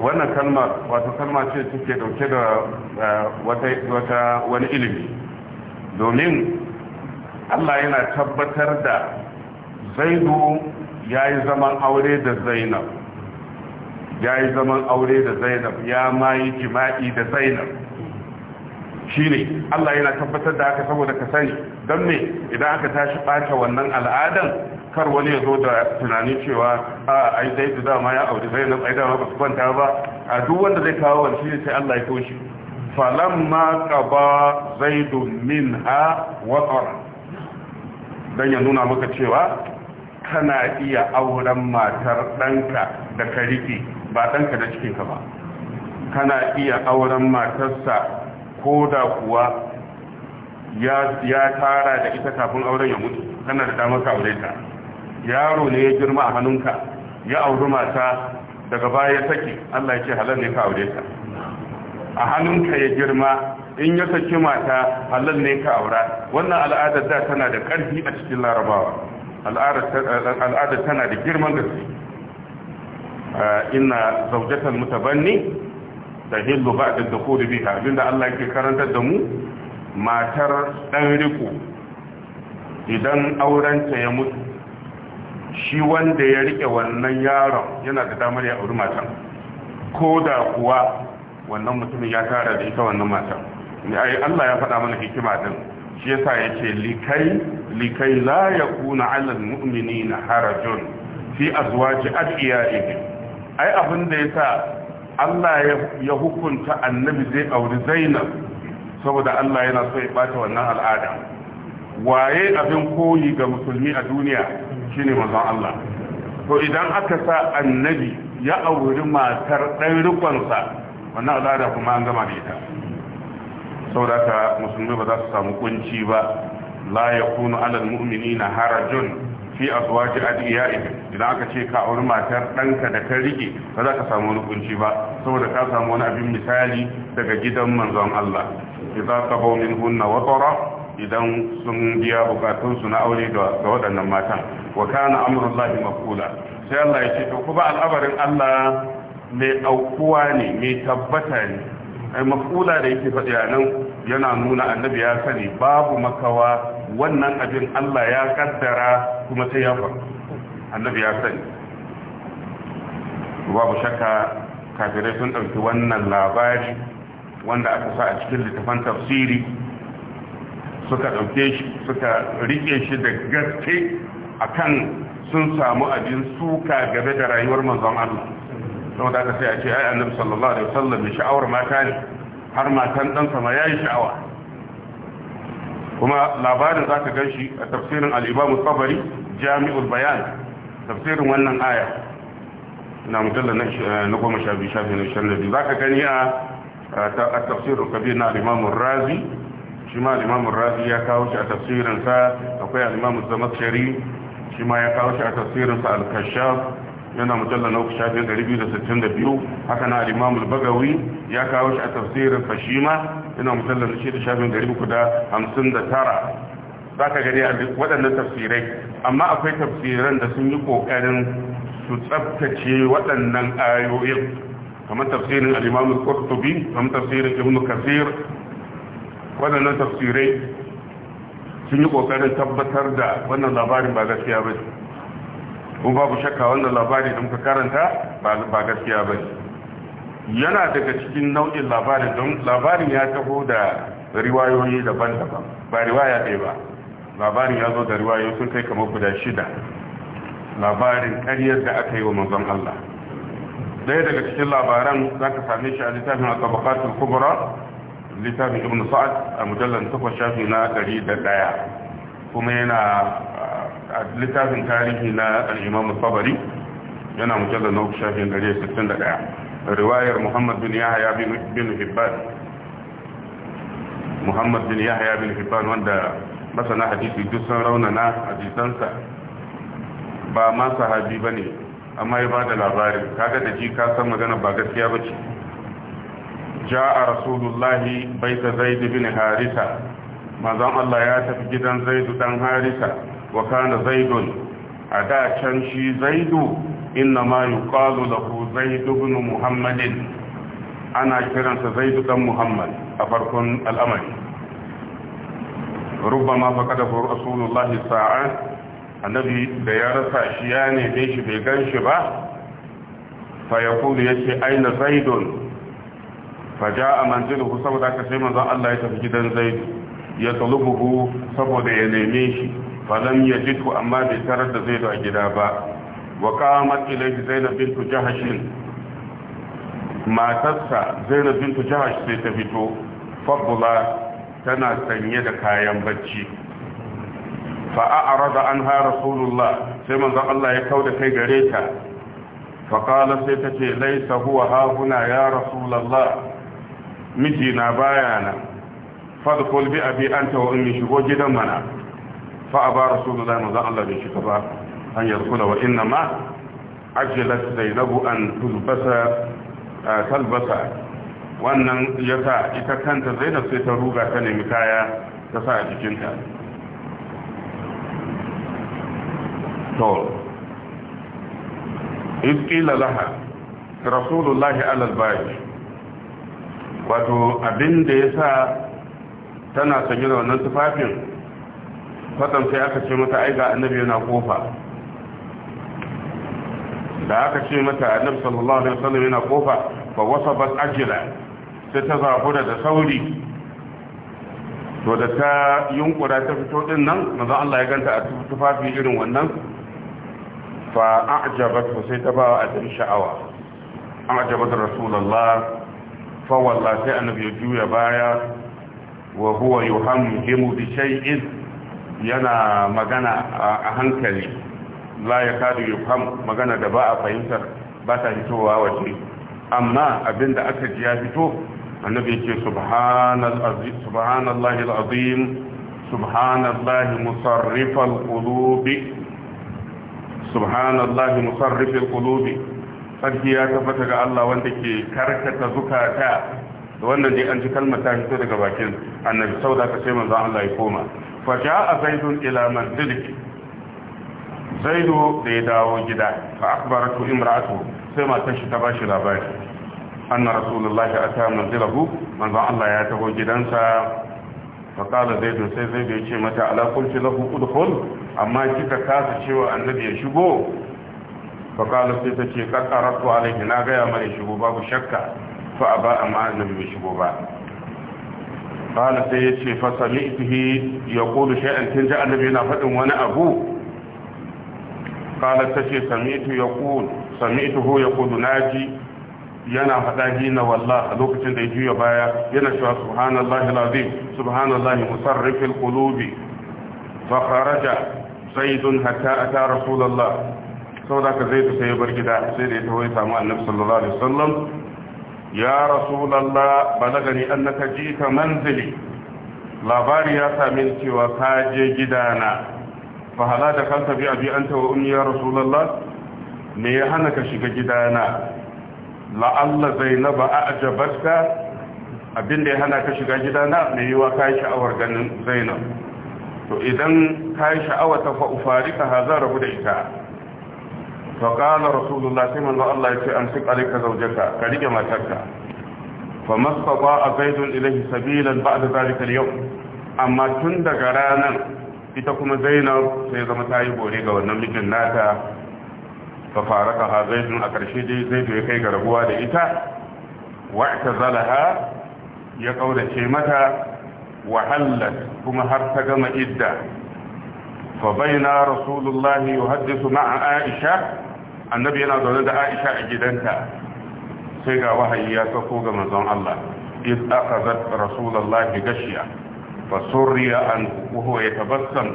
B: wannan kalmar wata kalma ce suke dauke da eh, wata wani ilimi domin Allah yana tabbatar da zaidu ya yi zaman aure da zainab ya yi zaman aure da zainab ya ma yi jima'i da zainab shine Allah yana tabbatar da haka saboda ka sani don me idan aka tashi ɓata wannan al'adan kar wani ya zo da tunanin cewa a ai dama ya auri zainab ai dama ba su kwanta ba a duk wanda zai kawo wani ne sai Allah ya toshe falamma qaba zaidun minha watsar. Don ya nuna maka cewa kana iya auren matar ɗanka da ka riƙe ba ɗanka da cikinka ba kana iya auren matarsa ko da kuwa ya tara da ita kafin auren ya mutu kana da damar ka aure ta yaro ne ya girma a hannunka ya auri mata daga baya saki Allah ya ce halal ne ka aure ta a hannunka ya girma in ya saki mata halal ne ka aura wannan al'adar da tana da ƙarfi a cikin larabawa al'adar tana da girman gaske inna zaujatal mutabanni tahillu ba'da dukhuli biha abinda Allah ke karantar da mu matar ɗan riko idan aurenta ya mutu shi wanda ya rike wannan yaron yana da damar ya auri matan ko da kuwa wannan mutumin ya tara da ita wannan matan ai Allah ya faɗa mana hikima din shi yasa yace likai likai la yakuna 'alal mu'minina harajun fi azwaji adiyaihim ai abin da yasa Allah ya hukunta annabi zai auri zainab saboda Allah yana so ya bata wannan al'ada waye abin koyi ga musulmi a duniya shine manzon Allah to idan aka sa annabi ya auri matar dan rikonsa wannan al'ada kuma an gama da ita saboda ka musulmi ba za su samu kunci ba la yakunu alal mu'minina harajun fi azwaji adiya'i idan aka ce ka auri matar ɗanka da ka rike ba za ka samu wani ba saboda ka samu wani abin misali daga gidan manzon Allah idan ka bau min hunna wa idan sun biya bukatunsu na aure ga waɗannan matan wa kana amrullahi maqula sai Allah ya ce to ku ba al'abarin Allah mai aukuwa ne mai tabbata ne ai mafula da yake faɗi a nan yana nuna annabi ya sani babu makawa wannan abin Allah ya kaddara kuma sai ya faru annabi ya sani babu shakka kafirai sun ɗauki wannan labari wanda aka sa a cikin littafan tafsiri suka ɗauke shi suka riƙe shi da gaske akan sun samu abin suka game da rayuwar manzon Allah saboda aka sai a ce ai annabi sallallahu alaihi wasallam mai sha'awar mata ne har matan ɗansa ma ya yi sha'awa kuma labarin zaka gan shi a tafsirin Alibamu imam Tabari Jami'ul Bayan tafsirin wannan aya na mujallal eh, na goma sha biyu shafi na shan nabi zaka gani a tafsirin kabir na Imam Razi shi ma Imam Razi ya kawo shi a tafsirin sa akwai al zama Zamakhshari shi ma ya kawo shi a tafsirin sa al-Kashaf yana mujalla na uku shafin biyu haka na al-imam bagawi ya kawo shi a tafsirin fashima yana mujalla na shida shafin za ka gani waɗannan tafsirai amma akwai tafsiran da sun yi ƙoƙarin su tsabtace waɗannan ayoyin kamar tafsirin al-imam kamar tafsirin ibn kasir waɗannan tafsirai sun yi ƙoƙarin tabbatar da wannan labarin ba gaskiya ba kuma babu shakka wanda labari da muka karanta ba gaskiya ba yana daga cikin nau'in labarin don labarin ya taho da riwayoyi daban-daban ba riwaya ɗaya ba labarin ya zo da riwayoyi sun kai kamar guda shida labarin ƙaryar da aka yi wa manzon Allah ɗaya daga cikin labaran za ka same shi a littafin a tabbatar kubra littafin ibn sa'ad a mujallar 8 shafi na ɗari da ɗaya kuma yana a littafin tarihi na al'imam sabari yana mujalla na uku shafin 161 riwayar muhammad bin yahaya bin hibban muhammad bin yahaya bin hibban wanda masana hadisi duk sun raunana hadisansa ba ma sahabi ba ne amma ya ba da labari kaga da ji ka san magana ba gaskiya ba ce Ja a rasulullahi bai baita zaid bin harisa mazan Allah ya tafi gidan zai dudan harisa wa kana zaidun a da can shi zaidu inna ma yuqalu lahu zaid ibn muhammadin ana kiransa zaidu dan muhammad a farkon al'amari rubama faqadahu rasulullahi sa'a annabi da ya rasa shi ya ne shi bai ganshi ba fa yaqulu yace aina zaidun fa jaa manziluhu saboda ka sai manzon Allah ya tafi gidan zaid ya talubuhu saboda ya neme shi falam ya jitu amma bai tarar da zaidu a gida ba wa qamat ilayhi zainab bint jahashin matarsa zainab Bintu jahash sai ta fito fadla tana sanye da kayan bacci fa a'rada anha rasulullah sai manzon Allah ya kauda kai gare ta fa qala sai tace laysa huwa ha huna ya rasulullah miji na bayana fadkhul bi abi anta wa ummi shigo gidan mana Fa'aba, aba rasulullahi manzon Allah bai shiga ba an yarkula wa inna ma ajilat zainabu an tulbasa talbasa wannan ya sa ita kanta zainab sai ta ruga ta nemi kaya ta sa a jikinta to iskila laha rasulullahi alal bayi wato abin da ya sa tana sanye da wannan tufafin kwatsam sai aka ce mata ai ga annabi yana kofa da aka ce mata annabi sallallahu alaihi wasallam yana kofa fa wasabat ajira sai ta zafura da sauri to da ta yunkura ta fito din nan manzo Allah ya ganta a tufafi irin wannan fa a'jabat sai ta ba a wa sha'awa a'jabat rasulullah fa wallahi sai annabi ya juya baya wa huwa yuhammu bi shay'in yana magana a hankali la ya kadu yufham magana da ba a fahimtar ba ta fitowa waje amma abinda aka ji ya fito annabi yake subhanallahi subhanallahi alazim subhanallahi musarrifal qulubi subhanallahi musarrifal qulubi sarki ya tabbata ga Allah wanda ke karkata zukata da wannan dai an ji kalmar ta fito daga bakin annabi sau saboda ka sai manzon Allah ya koma fata a zaidun ilaman dirki zaidu da ya dawo gida a akbar to imratu sai matashi ta bashi labari anna rasulullahi a ta manzilahu manzan allah ya taho gidansa fakala zaidu sai zaidu ya ce mata alakulci lahu udhul amma kika kasa cewa annabi ya shigo fakala sai ta ce kakkaratu alaihi na gaya mana shigo babu shakka fa a ba amma annabi bai shigo ba kala sai ya ce fasali ihi ya kodu sha'an kin ji annabi yana faɗin wani abu kala ta ce sami'itu ya ya kodu na ji yana faɗa ji na walla a lokacin da ya juya baya yana cewa subhanallah lazim subhanallah musarrifin kulubi fa kharaja zaidun hatta rasu rasulullah sau ka zai ta sai bar gida sai da ya tawai samu annabi sallallahu alaihi wasallam ya rasulallah balagani annaka ka manzili labari ya sami cewa ka je gidana fa hala da kanta bi abi anta wa ummi ya rasulallah me ya hana ka shiga gidana la'alla zainaba a'jabatka abinda ya hana ka shiga gidana me yiwa ka yi sha'awar ganin zainab to idan ka yi sha'awar ta fa ufarika hazara da ita فقال رسول الله صلى الله عليه وسلم أمسك عليك زوجك كريك ما تكا فما استطاع زيد إليه سبيلا بعد ذلك اليوم أما تند غرانا إتكم زينب سيزم تايب وليغا ونملك الناتا ففارقها زيد أكرشيد زيد يكي غربوا لإتا واعتزلها يقول شيمتها وحلت كما هرتقم إدّا فبين رسول الله يحدث مع عائشة النبي أنا ظن عائشة أجدنتا سيغا وهي يتفوق من الله إذ أخذت رسول الله بغشية فسري أن وهو يتبسم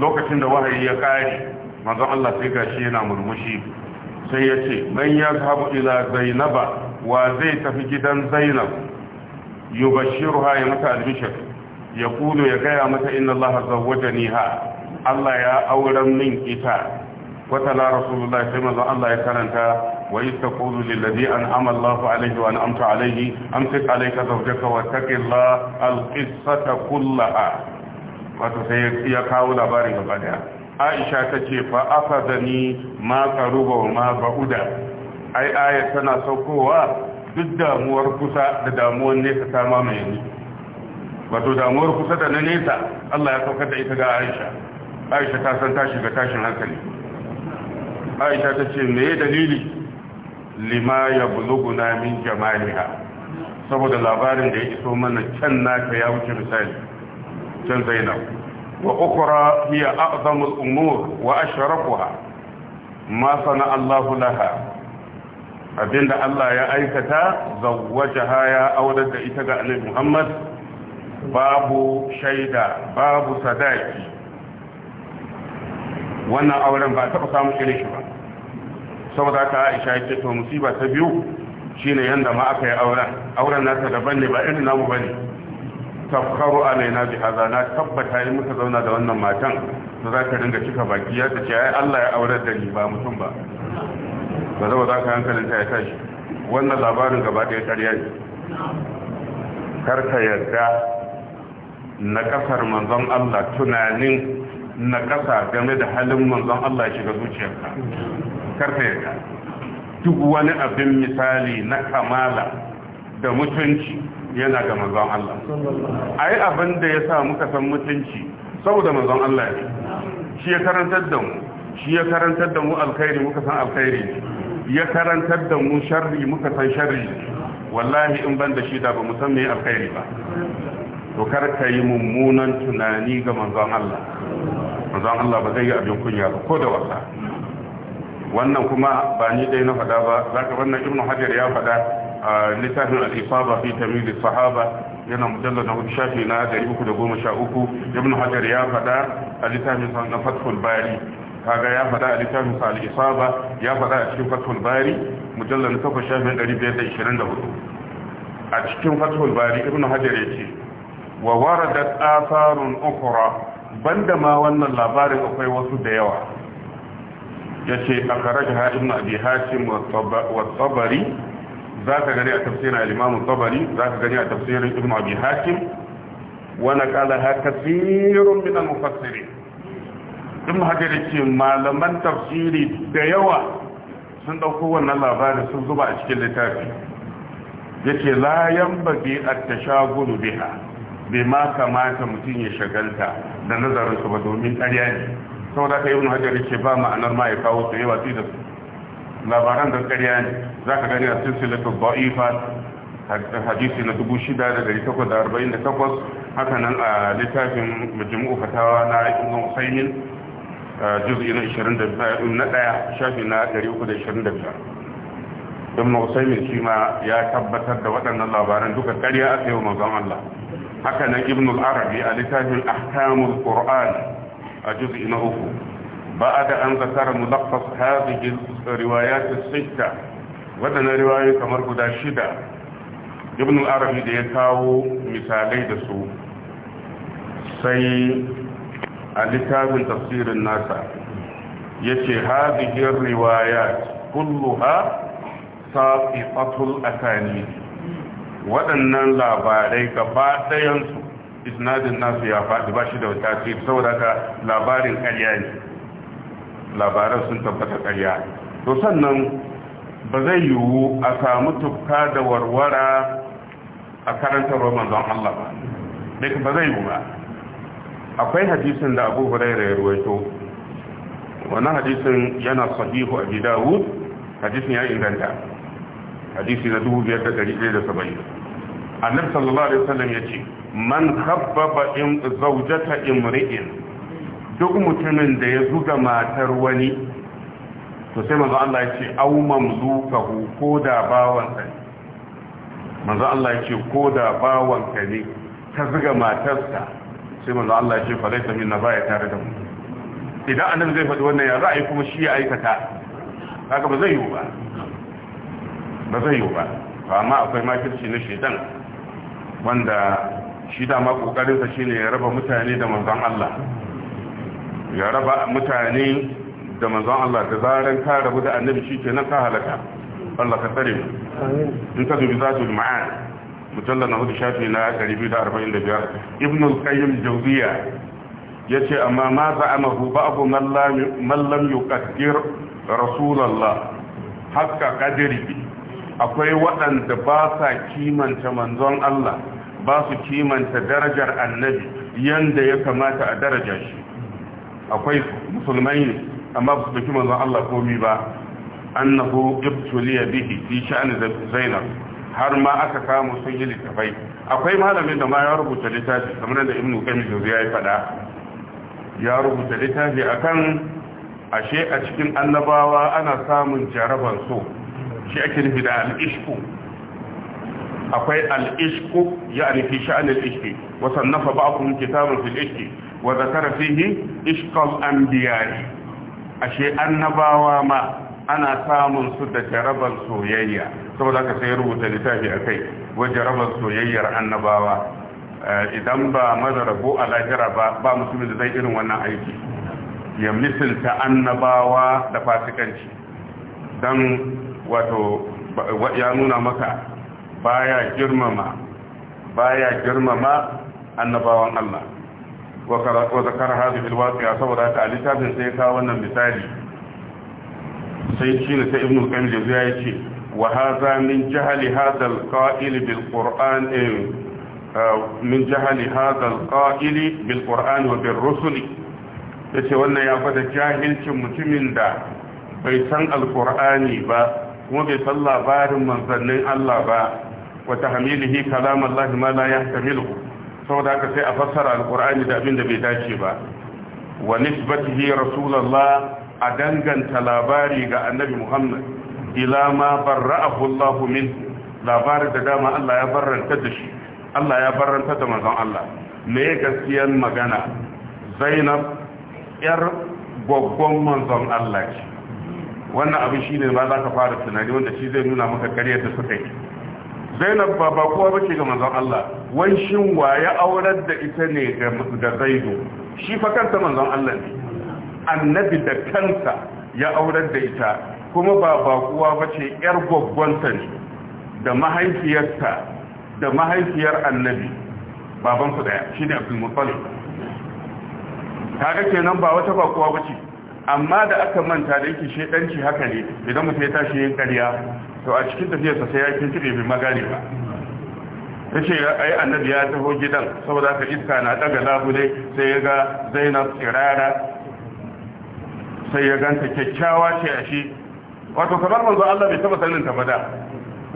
B: lokacin da wahayi ya kare manzon Allah sai gashi yana murmushi sai ya ce man ya zahabu ila zainaba wa zai tafi gidan zainab yubashiruha ya mata albishir ya kulu ya gaya mata inna Allah zawwajaniha Allah ya auren min ita watala rasulullah sai manzon Allah ya karanta wa yastaqulu lil ladhi an'ama Allahu alayhi wa an'amta alayhi amsik alayka zawjaka wa taqillah al qissata kullaha wato sai ya kawo labarin gaba daya Aisha ce fa afadani ma qaruba wa ma ba'uda ai Aya tana saukowa duk damuwar kusa da damuwar nesa ta mamaye ni wato damuwar kusa da na nesa Allah ya saukar da ita ga Aisha aisha ta san tashi ga tashin hankali aisha ta ce me dalili lima ya na min jamaliha saboda labarin da ya iso mana can naka ya wuce misali can zainab wa ukura hiya a'zamul umur wa ashrafuha ma sana Allahu laha abinda Allah ya aikata zawwajaha ya aurar da ita ga Annabi Muhammad babu shaida babu sadaki wannan auren ba taɓa samun shirin shi ba saboda ta aisha ya ce to musiba ta biyu shine yanda ma aka yi auren auren nata daban ne ba irin namu bane tafkaru alaina bi haza na tabbata in muka zauna da wannan matan to za ka dinga cika baki ya tace ai Allah ya aurar da ni ba mutum ba ba zaba za ka hankalin ta ya tashi wannan labarin gaba ɗaya ƙarya ne kar ka yarda na ƙasar manzon Allah tunanin na ƙasa game da halin manzon Allah shiga zuciyarka karfe ya duk wani abin misali na kamala da mutunci yana ga manzon Allah A yi abin da ya sa muka san mutunci saboda manzon Allah ne shi ya karantar da mu shi ya karantar da mu alkhairi muka san alkhairi ne ya karantar da mu sharri muka san sharri wallahi in ban da shi da ba mu san me alkhairi ba to kar ka yi mummunan tunani ga manzon Allah manzon Allah ba zai yi abin kunya ba ko da wasa wannan kuma ba ni dai na faɗa ba zaka wannan ibnu hajar ya faɗa a littafin al-isaba fi tamyiz sahaba yana mujallar na shafi na 313 ibnu hajar ya faɗa a littafin sa na fathul bari kaga ya faɗa a littafin sa al-isaba ya faɗa a cikin fathul bari mujallar na 8 shafi 524 a cikin fathul bari ibnu hajar ya ce wa waradat asarun ukhra banda ma wannan labarin akwai wasu da yawa yace akhrajaha ibn abi hashim wa tabari zaka gani a tafsirin al-imam tabari zaka gani a tafsirin ibn abi hashim wa naqalaha kathirun min al-mufassirin ibn hajar yace malaman tafsiri da yawa sun dauko wannan labarin sun zuba a cikin littafi yace la yanbaghi at-tashagulu biha bai ma kamata mutum ya shagalta da nazarinsu ba domin ƙarya ne Sau da ka yi hajar ce ba ma'anar ma ya kawo su yawa da labaran da ƙarya ne za ka gani a silsilatul ba'ifa hadisi na 6848 haka nan a littafin majmu'u fatawa na ibn usaimin juz'i na 21 na ɗaya shafi na 325 don mausaimin shi ma ya tabbatar da waɗannan labaran duka ƙarya aka yi wa mazan Allah haka nan ibn al-arabi a littafin ahkamul qur'an a juz'i na uku da an zakara mulaqqas hadhihi riwayat as-sitta wadannan riwayoyi kamar guda shida ibn al-arabi da ya kawo misalai da su sai a littafin tafsirin nasa yace hadhihi riwayat kulluha saqifatul asanid waɗannan labarai gaba ɗayansu isnadin nasu ya faɗi ba shi da wata ce saboda ka labarin ƙarya ne labaran sun tabbata ƙarya to sannan ba zai yiwu a samu tufka da warwara a Roman zan Allah ba duk ba zai yiwu ba akwai hadisin da abu huraira ya ruwaito wannan hadisin yana sahihu a dawud hadisin ya inganta hadisi na dubu biyar da da 5170 annabi sallallahu alaihi wasallam ce man khabbaba in zawjata imri'in duk mutumin da ya zuga matar wani to sai manzo Allah yace aw mamlukahu ko da bawan sa manzo Allah yace ko da bawan ka ne ta zuga matarsa sai manzo Allah yace fa laysa minna baya tare da mu idan annabi zai faɗi wannan ya za yi kuma shi ya aikata haka ba zai yi ba ba zai yiwu ba to amma akwai makirci na shaitan wanda shi dama kokarinsa shine ya raba mutane da manzan Allah ya raba mutane da manzan Allah da zaran ka rabu da annabi shi shikenan ka halaka Allah ka tsare mu in ka dubi zatul ma'an mujallal na hudu shafi na 245 ibn al-qayyim jawziya yace amma ma za'amahu ba'du man lam yuqaddir rasulullah hakka qadri akwai waɗanda ba sa kimanta manzon Allah ba su kimanta darajar annabi yanda ya kamata a daraja shi akwai musulmai ne amma ba su ɗauki manzon Allah komi ba annahu ibtuliya bihi fi sha'ani zainab har ma aka kama sun yi littafai akwai malamin da ma ya rubuta littafi kamar da ibnu qayyim da ya faɗa ya rubuta littafi akan ashe a cikin annabawa ana samun jaraban so shi ake nufi da al'ishku akwai al'ishku ya nufi sha'an al'ishki wasan nafa ba kun kitabun fil ishki wa zakara fihi ishqal anbiya'i ashe annabawa ma ana samun su da jarabar soyayya saboda ka sai rubuta littafi akai wa jaraban soyayyar annabawa eh, idan ba mazarabo a lahira ba ba mutumin da zai irin wannan aiki ya misalta annabawa da fasikanci don wato ya nuna maka baya girmama baya girmama annabawan Allah wa zakara hadhihi alwaqi'a saboda ta littafin sai ka wannan misali sai shi ne sai ibnu qayyim jaziya yace wa hadha min jahli hadha alqa'il bil qur'an eh, uh, min jahli hadha alqa'il bil qur'an wa bir rusul yace wannan ya fada jahilcin mutumin da bai san al alqur'ani ba kuma bai san labarin manzannin Allah ba wa tahmilihi kalam Allah ma la Sau saboda haka sai a fassara alkur'ani da abin da bai dace ba wa nisbatihi rasulallah a danganta labari ga annabi Muhammad ila ma barra'ahu Allah min labarin da dama Allah ya barranta da shi Allah ya barranta da manzon Allah me gaskiyan magana Zainab yar goggon manzon Allah ce wannan abin shi ne ba za ka fara tunani wanda shi zai nuna maka karyar da suka yi zainab ba ba kowa ba ga manzon Allah wa ya aurar da ita ne ga zaidu shi fa kanta manzon Allah ne annabi da kansa ya aurar da ita kuma ba ba kowa ba ce yar gwaggwanta ne da mahaifiyarta da mahaifiyar annabi babansu daya shi ne abdul muttalib kaga kenan ba wata ba kowa ba ce amma da aka manta da yake shedanci haka ne idan mutum ya tashi yin ƙarya to a cikin tafiyarsa sai ya kinkire bai magane ba ya ce ai annabi ya taho gidan saboda haka iska na daga labule sai ya ga zainab tsirara sai ya ganta kyakkyawa ce a shi wato kamar manzo Allah bai taba sanin ta da.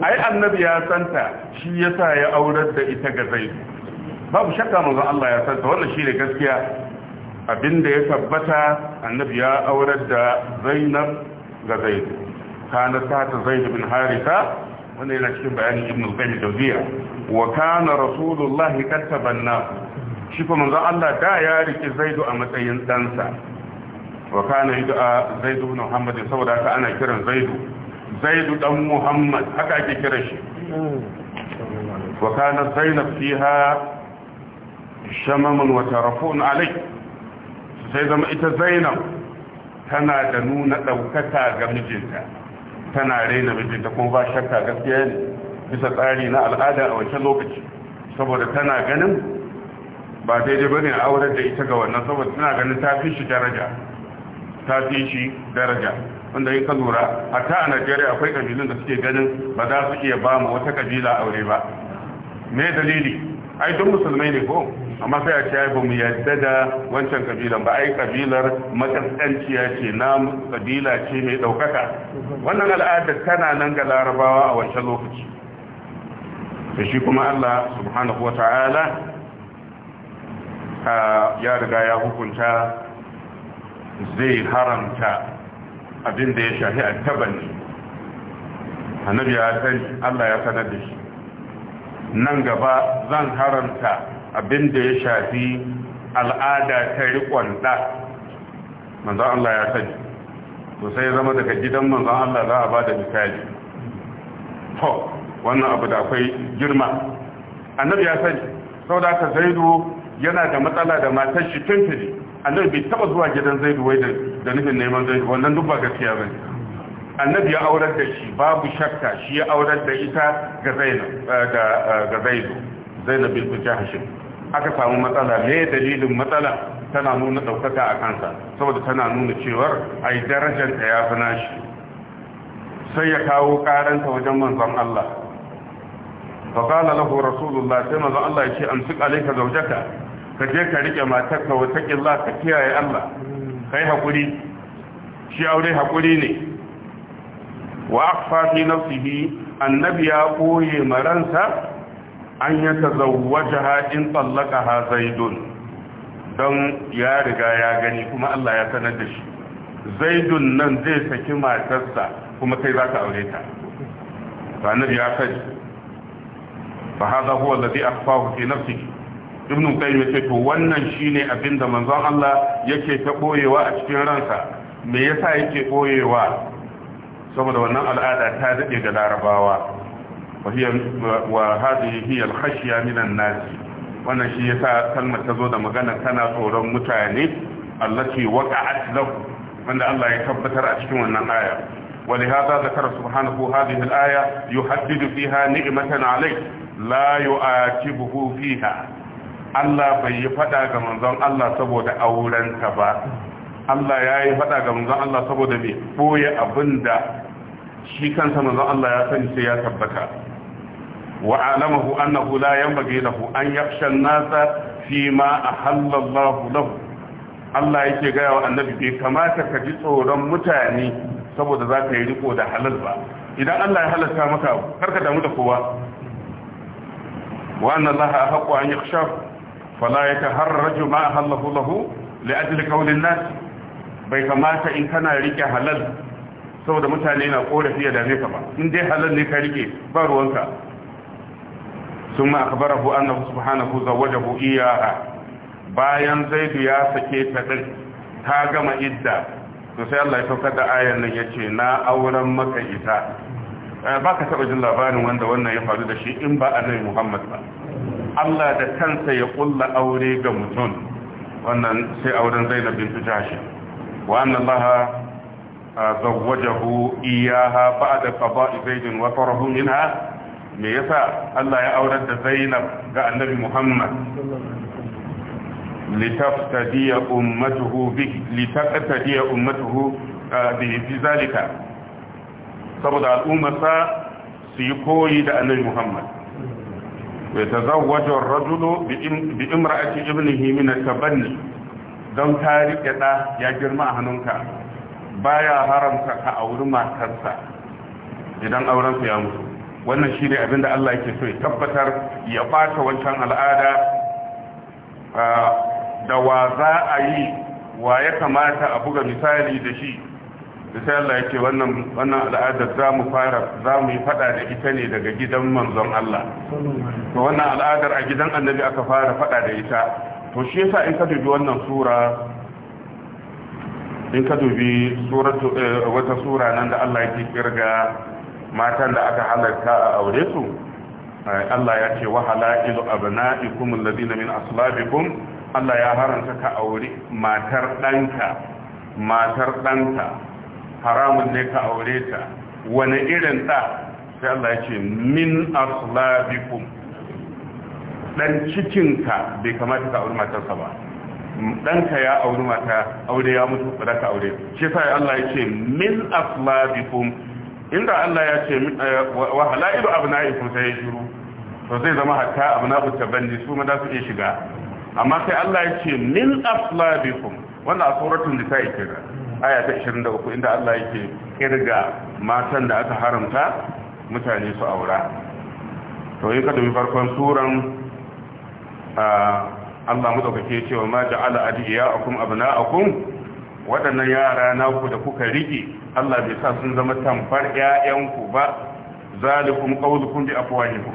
B: ai annabi ya santa shi yasa ya aurar da ita ga zainab babu shakka manzo Allah ya santa wannan shine gaskiya abinda ya tabbata annabi ya aurar da zainab ga zaidu kana ta zaidu bin harita wanda yana cikin bayanin ibn al da jawziya wa kana rasulullah katabanna shi kuma manzo Allah da ya rike zaidu a matsayin ɗansa wa kana yad'a zaidu bin muhammad saboda haka ana kiran zaidu zaidu dan muhammad haka ake kiran shi wa kana zainab fiha shamaman wa tarafun alayhi sai zama ita zainab tana da nuna ɗaukata ga mijinta tana raina mijinta kuma ba shakka gaskiya ne bisa tsari na al'ada a wancan lokaci saboda tana ganin ba daidai bane a aurar da ita ga wannan saboda tana ganin ta fi shi daraja ta fi shi daraja wanda in kalura lura hatta a najeriya akwai kabilun da suke ganin ba za su iya ba mu wata kabila aure ba me dalili ai don musulmai ne ko amma sai a ce ba mu yadda da wancan kabilan ba ai kabilar matsanciya ce na kabila ce mai daukaka wannan al'ada tana nan ga larabawa a wancan lokaci da shi kuma Allah subhanahu wa ta'ala ya riga ya hukunta zai haramta abin da ya shahi a tabani annabi ya san Allah ya sanar da shi nan gaba zan haramta abin da ya shafi al'ada ta riƙon ɗa manzan Allah ya sani to sai zama daga gidan manzan Allah za a ba da misali to wannan abu da akwai girma annabi ya sani sau da aka zaidu yana da matsala da matar shi tuntuni annabi bai taɓa zuwa gidan zaidu wai da nufin neman zaidu wannan duk ba gaskiya ba annabi ya aurar da shi babu shakka shi ya aurar da ita ga zaidu zainab bint jahsh aka samu matsala ne dalilin matsala tana nuna daukaka a kansa saboda tana nuna cewar ai darajar ta ya fana shi sai ya kawo karanta wajen manzon Allah fa qala lahu rasulullah sai manzon Allah ya ce amsik alayka zawjaka ka je ka rike matarka wa taqillah ka kiyaye Allah kai hakuri shi aure hakuri ne wa akfa fi nafsihi annabi ya koye maransa an ya tazawwaja haɗin tsallaka ha zaidun don ya riga ya gani kuma Allah ya sanar da shi zaidun nan zai saki matarsa kuma kai za ka aure ta ranar ya sani ba haza huwa da zai akfahu ke nafsi ibn qayyim ce to wannan ne abin da manzon Allah yake ta ɓoyewa a cikin ransa me yasa yake ɓoyewa saboda wannan al'ada ta daɗe ga larabawa wa hadi hiya al-khashya min an wannan shi sa kalmar ta zo da magana tana tsoron mutane allati waka lahu wanda Allah ya tabbatar a cikin wannan aya ولهذا ذكر سبحانه هذه na alai? فيها نعمة عليه buhu يعاتبه ha? Allah bai yi faɗa ga manzon Allah saboda aurenta ba Allah ya yi faɗa ga manzon Allah saboda mai boye abinda shi kansa manzon Allah ya sani sai ya tabbata wa alamahu annahu la yanbaghi lahu an yakhsha an-nasa fi ma ahalla Allah lahu Allah yake gaya wa annabi bai kamata ka ji tsoron mutane saboda za ka yi riko da halal ba idan Allah ya halarta maka karka damu da kowa wa anna Allah haqqu an yakhshaf fala yataharraju ma ahallahu lahu li ajli qawli an-nas bai kamata in kana rike halal saboda mutane na korafi ya dame ka ba in dai halar ne ka rike ba ruwanka sun ma akbarahu annahu subhanahu zawwajahu iyaha bayan zaidu ya sake ta din ta gama idda to sai Allah ya saukar da ayan nan yace na auren maka ita eh, ba ka taɓa jin labarin wanda wannan ya faru da shi in ba annabi Muhammad ba Allah da kansa ya kulla aure ga mutum wannan sai auren Zainab bint Jahsh wa anna Allah zawwajahu iyaha da qada'i zaidin wa farahu minha me yasa Allah ya aurar da Zainab ga Annabi Muhammad litaftadiya ummatuhu bi litaqtadiya ummatuhu ah, bi zalika saboda al'ummarsa su yi koyi da Annabi Muhammad wa tazawwaju ar-rajulu bi dan tarike ya girma a hannunka baya haramta ka auri matarsa idan aurensa ya mutu wannan shi ne abinda Allah yake so ya tabbatar ya bata wancan al'ada da wa za a yi wa ya kamata a buga misali da shi da sai Allah yake wannan wannan al'adar za mu fara za mu yi fada da ita ne daga gidan manzon Allah to wannan al'adar a gidan annabi aka fara fada da ita to shi yasa in ka dubi wannan sura in ka dubi eh, wata sura nan da Allah yake kirga matan da aka halarta a aure su eh, Allah ya ce wa halailu abna'ikum ladina min aslabikum Allah ya haranta ka aure matar ɗanka matar ɗanka haramun ne ka aure ta wani irin da sai Allah ya ce min aslabikum dan cikinka bai kamata ka aure matarsa ba ɗanka ya auri mata aure ya mutu ba ka aure shi sai Allah ya ce min aslabikum inda Allah ya ce wa halailu abna'ikum sai ya shiru to zai zama hatta abna'u tabanni su ma da su iya shiga amma sai Allah ya ce min aslabikum wanda a suratul yake da aya ta 23 inda Allah yake kirga matan da aka haramta mutane su aura to yi ka dubi farkon suran ah, Allah madaukake cewa ma ja'ala adiyakum abna'akum waɗannan yara naku da kuka rike Allah bai sa sun zama tamfar 'ya'yanku ba zalikum qawlukum bi afwahikum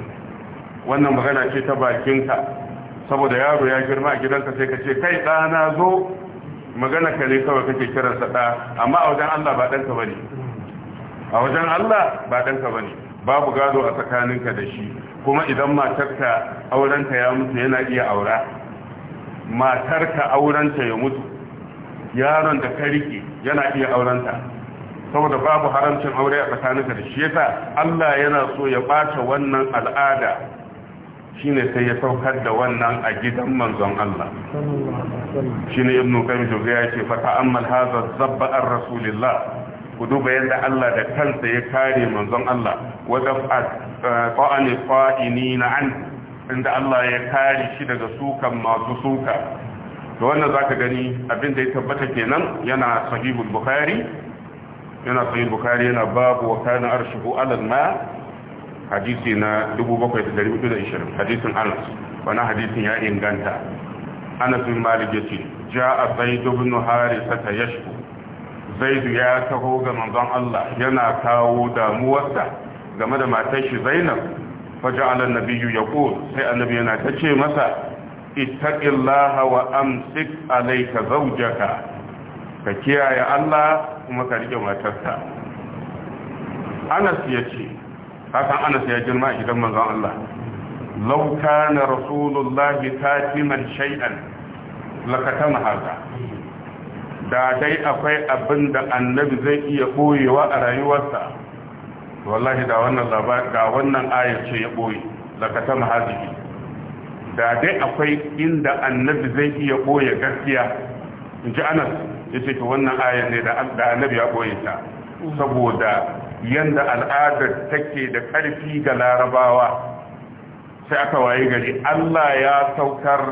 B: wannan magana ce ta bakinka saboda yaro ya girma a gidanka sai ka ce kai ɗana zo magana ka ne kawai kake kiransa ɗa amma a wajen Allah ba ɗanka bane a wajen Allah ba ɗanka bane babu gado a tsakaninka da shi kuma idan matarka aurenka ya mutu yana iya aura matarka aurenta ya mutu yaron da ka rike yana iya aurenta saboda babu haramcin aure a tsakaninka da shi yasa Allah yana so ya bata wannan al'ada shine sai ya saukar da wannan a gidan manzon Allah shine ibnu qayyim joga yace fa ta'ammal hadha zabba ar-rasulillah ku duba yadda Allah da kansa ya kare manzon Allah wa daf'at qa'ani eh, qa'inina an inda Allah ya kare shi daga sukan masu suka da wannan zaka gani abin da ya tabbata kenan yana sahihul bukhari yana sahihul bukhari yana babu wa kana arshuhu alal ma hadisi na 7420 hadisin Anas wannan hadisin ya inganta Anas bin Malik yace ja'a Zaid ibn Harisa yashku Zaid ya taho ga manzon Allah yana kawo damuwarsa game da matar shi Zainab فجعل النبي يقول سي النبي أنا تشي مسا اتق الله وأمسك عليك زوجك فكيا يا الله وما كان ما تسا أنس يشي هذا أنس يا جماعة إذا من الله لو كان رسول الله كاتما شيئا لكتم هذا da dai akwai abin da annabi zai iya koyewa a rayuwarsa wallahi da wannan ga wannan ayar ce ya boye lakata mahazibi da dai akwai inda annabi zai iya boye gaskiya in ji anas ya ce wannan ayar ne da annabi ya boye ta saboda yanda al'adar take da karfi ga larabawa sai aka waye gari allah ya saukar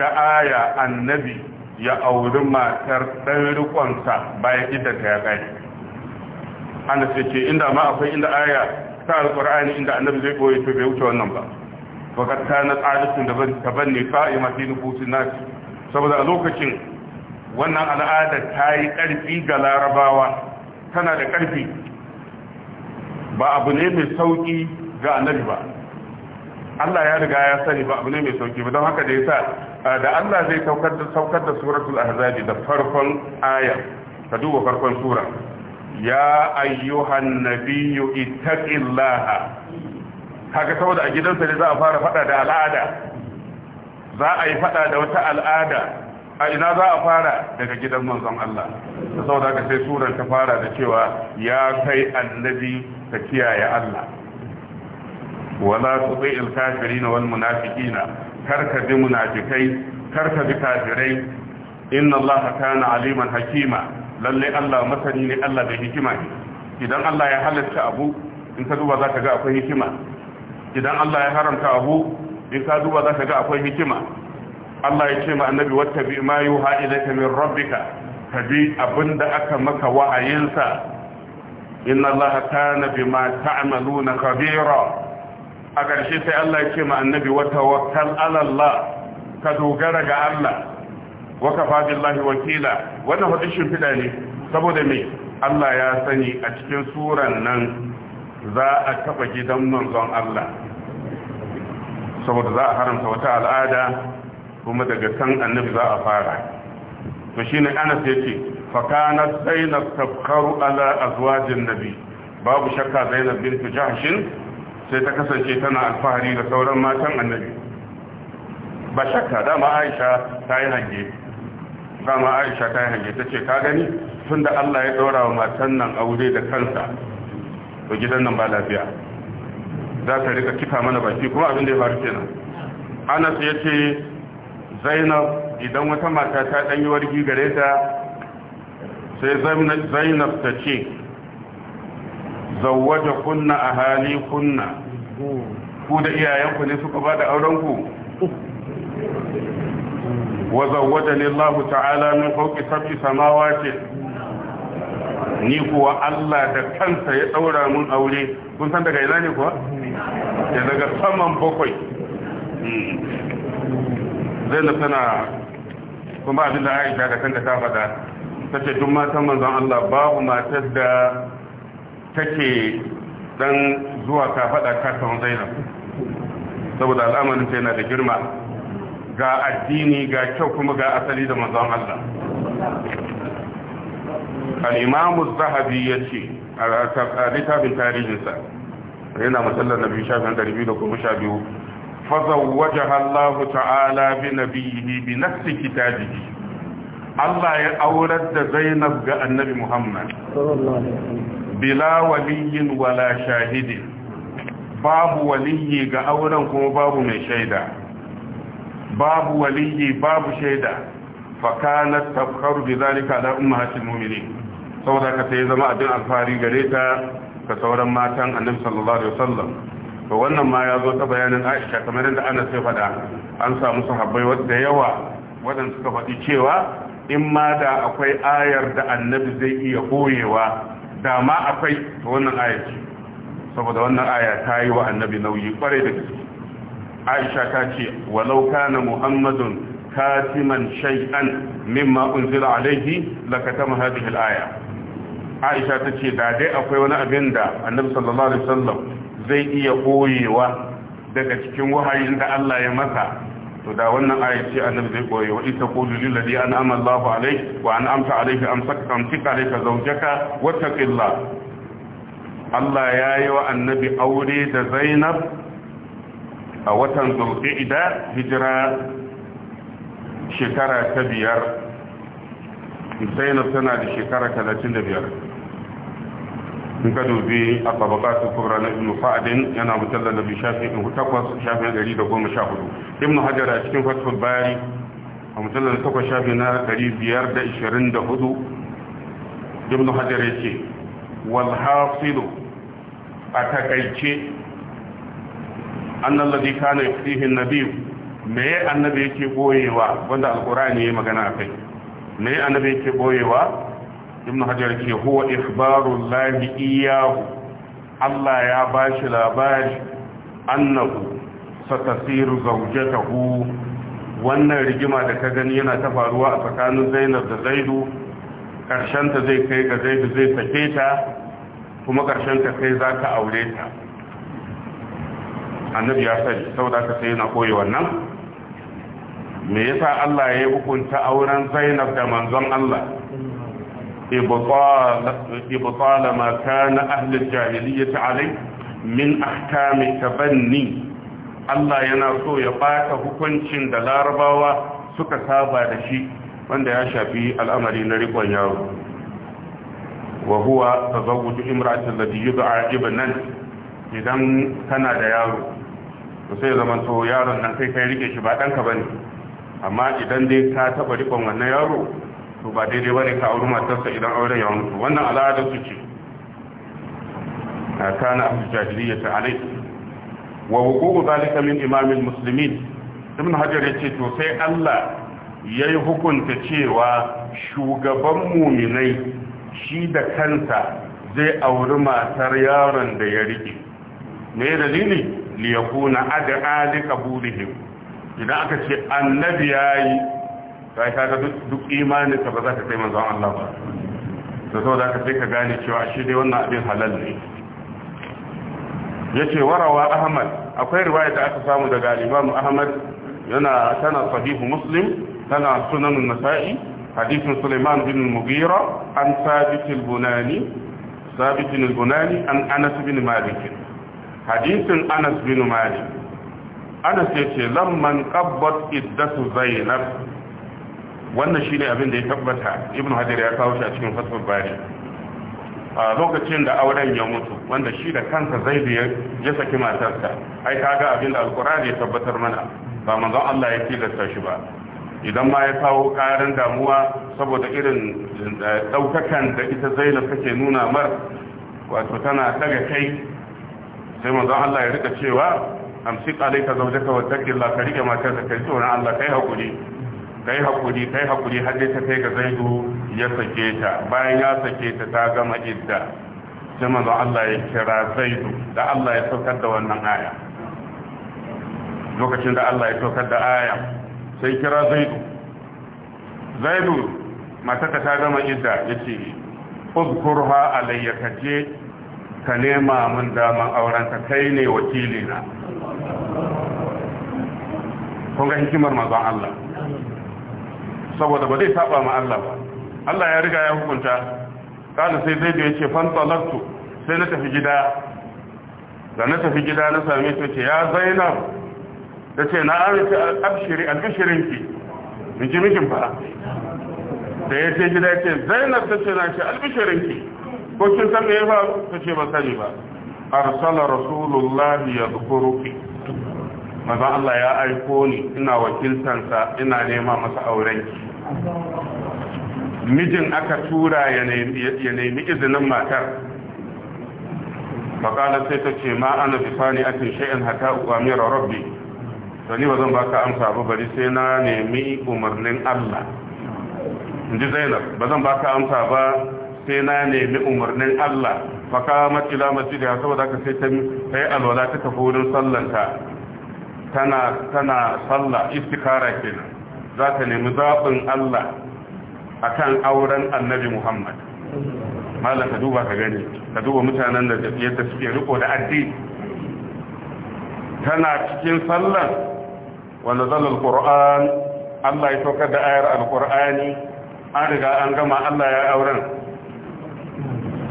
B: da aya annabi ya auri matar ɗan rikonsa bayan ta ya kai ana ce ce inda ma akwai inda aya ta alƙur'ani inda annabi zai koyi to bai wuce wannan ba fakat kanat adatun da ban tabanni qa'ima fi nufusin nas saboda a lokacin wannan al'ada ta yi karfi ga larabawa tana da karfi ba abu ne mai sauki ga annabi ba Allah ya riga ya sani ba abu ne mai sauki ba don haka da yasa da Allah zai saukar da saukar da suratul ahzab da farkon aya ka duba farkon sura ya ayyuhan nabiyyu ittaqillaha kaga saboda a gidansa ne za a fara fada da al'ada za a yi fada da wata al'ada a ina za a fara daga gidan manzon Allah da saboda ka sai surar ta fara da cewa ya kai annabi ka kiyaye Allah wala tuti'il kafirin wal munafiqina karka bi munafikai karka bi kafirai inna Allah kana aliman hakima Lallai Allah masani ne Allah da hikima ne idan Allah ya halatta abu in ka duba za ka ga akwai hikima idan Allah ya haramta abu in ka duba za ka ga akwai hikima Allah ya ce ma annabi wata wattabi ma yuha ilayka min rabbika tabi abinda aka maka wahayinsa inna Allah kana bima ta'maluna khabira a ƙarshe sai Allah ya ce ma annabi wata tawakkal ala Allah ka dogara ga Allah Waka kafa billahi wakila wannan hudin shimfiɗa ne saboda me Allah ya sani a cikin suran nan za a taba gidan manzon Allah saboda za a haramta wata al'ada kuma daga kan annabi za a fara to ne Anas ya fa kanat Zainab tabkharu ala azwajin nabi babu shakka Zainab bint shin sai ta kasance tana alfahari da sauran matan annabi ba shakka dama Aisha ta yi hange dama aisha ta hange ta ce ka gani tun da allah ya ɗora wa matan nan aure da kansa to gidan nan ba lafiya za ta rika kifa mana baki kuma abin da ya faru kenan anas ya ce zainab idan wata mata ta ɗanyi wargi gare ta sai zainab ta ce zawaja kunna a hali kunna ku da iyayenku ne suka ba da aurenku وزوجني الله تعالى من فوق سبع سماوات ni kuwa Allah da kansa ya daura mun aure kun san daga ina ne kuwa da daga saman bakwai zainab tana kuma abin da Aisha da kanta ta faɗa tace duk matan manzon Allah babu matar da take dan zuwa ta faɗa ka san Zainab saboda al'amarin ta yana da girma ga addini ga kyau kuma ga asali da manzon Allah al zahabi ya ce a littafin tarihinsa yana matsalar na biyu shafin da ribi da kuma sha biyu fazawwaja Allah ta'ala bi nabiyhi bi nafsi kitabihi Allah ya aurar da Zainab ga Annabi Muhammad bila waliyin wala shahidin babu waliyi ga auren kuma babu mai shaida babu waliyi babu shaida fakanat tafkaru bi zalika ala ummahatil mu'minin saboda ka sai zama abin alfari gare ta ka sauran matan annabi sallallahu alaihi wasallam to wannan ma ya zo ta bayanin Aisha kamar yadda Anas ya faɗa an samu sahabbai da yawa waɗanda suka faɗi cewa in ma da akwai ayar da annabi zai iya koyewa da ma akwai to wannan ayar ce saboda wannan aya ta yi wa annabi nauyi kwarai da gaske aisha ta ce walau kana muhammadun katiman shay'an mimma unzila alaihi lakatama hadhihi al-aya aisha ta ce da dai akwai wani abin da annabi sallallahu alaihi wasallam zai iya koyewa daga cikin wahayin da Allah ya masa to da wannan aya ce annabi zai koye wa ita qulu lil ladhi an'ama Allahu alayhi wa an'amta alayhi amsaka amsika alayka zawjaka wattaqillah Allah ya yi wa annabi aure da Zainab a watan zulqa'ida hijira shekara ta biyar zainab tana da shekara talatin da biyar in ka dubi a tabakatun kubra na ibn fa'adin yana mutallar da bi bishafin takwas shafin ɗari da goma sha hudu ibn hajjar a cikin fatul bayari a mutallar da takwas shafin na ɗari biyar da ishirin da hudu ibn hajjar ya ce walhasilu a takaice annal ladhi kana yuftihi an-nabi me annabi yake boyewa wanda alqur'ani yayi magana akai me annabi yake boyewa ibnu hajar ke huwa ikhbaru llahi iyyahu Allah ya bashi labari annahu satasiru zawjatahu wannan rigima da ka gani yana ta faruwa a tsakanin Zainab da Zaidu karshenta zai kai ga Zaidu zai sake ta kuma karshen ta kai zaka aure ta annabi ya sani saboda haka sai yana koyi wannan me yasa Allah ya hukunta auren Zainab da manzon Allah ibtal ma kana ahli jahiliyyah alai min ahkami tabanni Allah yana so ya bata hukuncin da larabawa suka saba da shi wanda ya shafi al'amari na rikon yaro wa huwa tazawwuju imra'atin lati yud'a idan kana da yaro to sai zaman to yaron nan kai kai rike shi ba dan ka bane amma idan dai ka taba rikon wannan yaro to ba daidai ba ka auri matarsa idan auren ya mutu wannan al'adar su ce kana abu jahiliya ta alai wa hukuku zalika min imamin muslimin ibn hajar yace to sai Allah yayi hukunta cewa shugaban muminai shi da kansa zai auri matar yaron da ya rike me dalili li yakuna ad'a li qabulihim idan aka ce annabi yayi kai kaga duk imanin ka ba za ka kai manzon Allah ba to saboda ka sai ka gane cewa shi dai wannan abin halal ne yace warawa ahmad akwai riwaya da aka samu daga al-imam ahmad yana tana sahihu muslim tana sunan an-nasa'i hadisin suleiman bin al-mughira an sabit bunani an anas bin hadisin anas bin malik anas ya ce lamman qabbat iddatu zainab wannan shi ne abin da ya tabbata ibnu hajar ya kawo shi a cikin fathul bari a lokacin da auren ya mutu wanda shi da kansa zaidu ya saki matarsa ai kaga abin da alqur'ani ya tabbatar mana ba manzon Allah ya tilasta shi ba idan ma ya kawo karin damuwa saboda irin daukakan eh, da ita zainab take nuna mar wato tana daga kai sai manzon Allah ya rika cewa amsik alayka zawjaka wattaqillah ka rike matarka kai tsoron Allah kai hakuri kai hakuri kai hakuri har dai ta kai ga zaidu ya sake ta bayan ya sake ta ta gama idda sai manzon Allah ya kira zaidu da Allah ya saukar da wannan aya lokacin da Allah ya saukar da aya sai kira zaidu zaidu matarka ta gama idda yace uzkurha alayya kaje ka nema mun daman auren ka kai ne wakili na kun ga hikimar mazan Allah saboda ba zai saba ma Allah ba Allah ya riga ya hukunta kana sai zai da yace fantalaktu sai na tafi gida da na tafi gida na same ta ce ya Zainab da ce na amince abshiri albishirinki miji mijin ba da ya ce gida ce Zainab ta ce na ce albishirinki ko kin san me ya ce ba sani ba arsala rasulullahi yadhkuruki maza Allah ya aiko ni ina wakiltansa ina nema masa auren mijin aka tura ya nemi izinin matar makala sai ta ce ma ana bifani akin sha'in hata uwamira rabbi to ni ba zan baka amsa ba bari sai na nemi umarnin Allah in zainab ba zan baka amsa ba sai na nemi umarnin Allah fa qamat ila masjidi saboda ka sai ta yi alwala ta tafi wurin sallanta tana tana salla istikara kenan za ta nemi zaɓin Allah akan auren Annabi Muhammad malam ka duba ka gani ka duba mutanen da yadda suke riko da addini tana cikin sallan wanda zalal qur'an Allah ya saukar da ayar alqur'ani an riga an gama Allah ya auren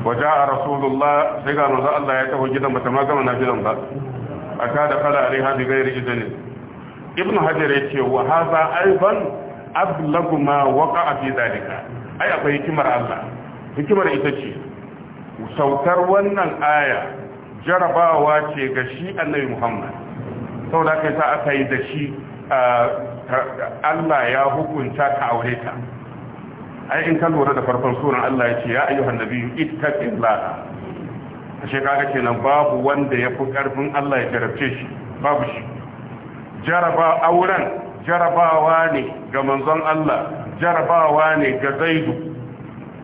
B: Wajen a rasulullah sai ga manzo Allah ya taho gidan bata ma gama gidan ba a ka da kala alai hadi gairi izini ibn hajar yace wa haza aiban ablagu ma waqa'a fi dalika ai akwai hikimar Allah hikimar ita ce saukar wannan aya jarabawa ce ga shi annabi Muhammad saboda yi sa aka yi da shi Allah ya hukunta ka aure ta ai in ka lura da farkon suran Allah ya ce ya ayyuhan nabiyyu ittaqillaha ashe kaga kenan babu wanda ya fi karfin Allah ya jarabce shi babu shi jaraba auren jarabawa ne ga manzon Allah jarabawa ne ga Zaidu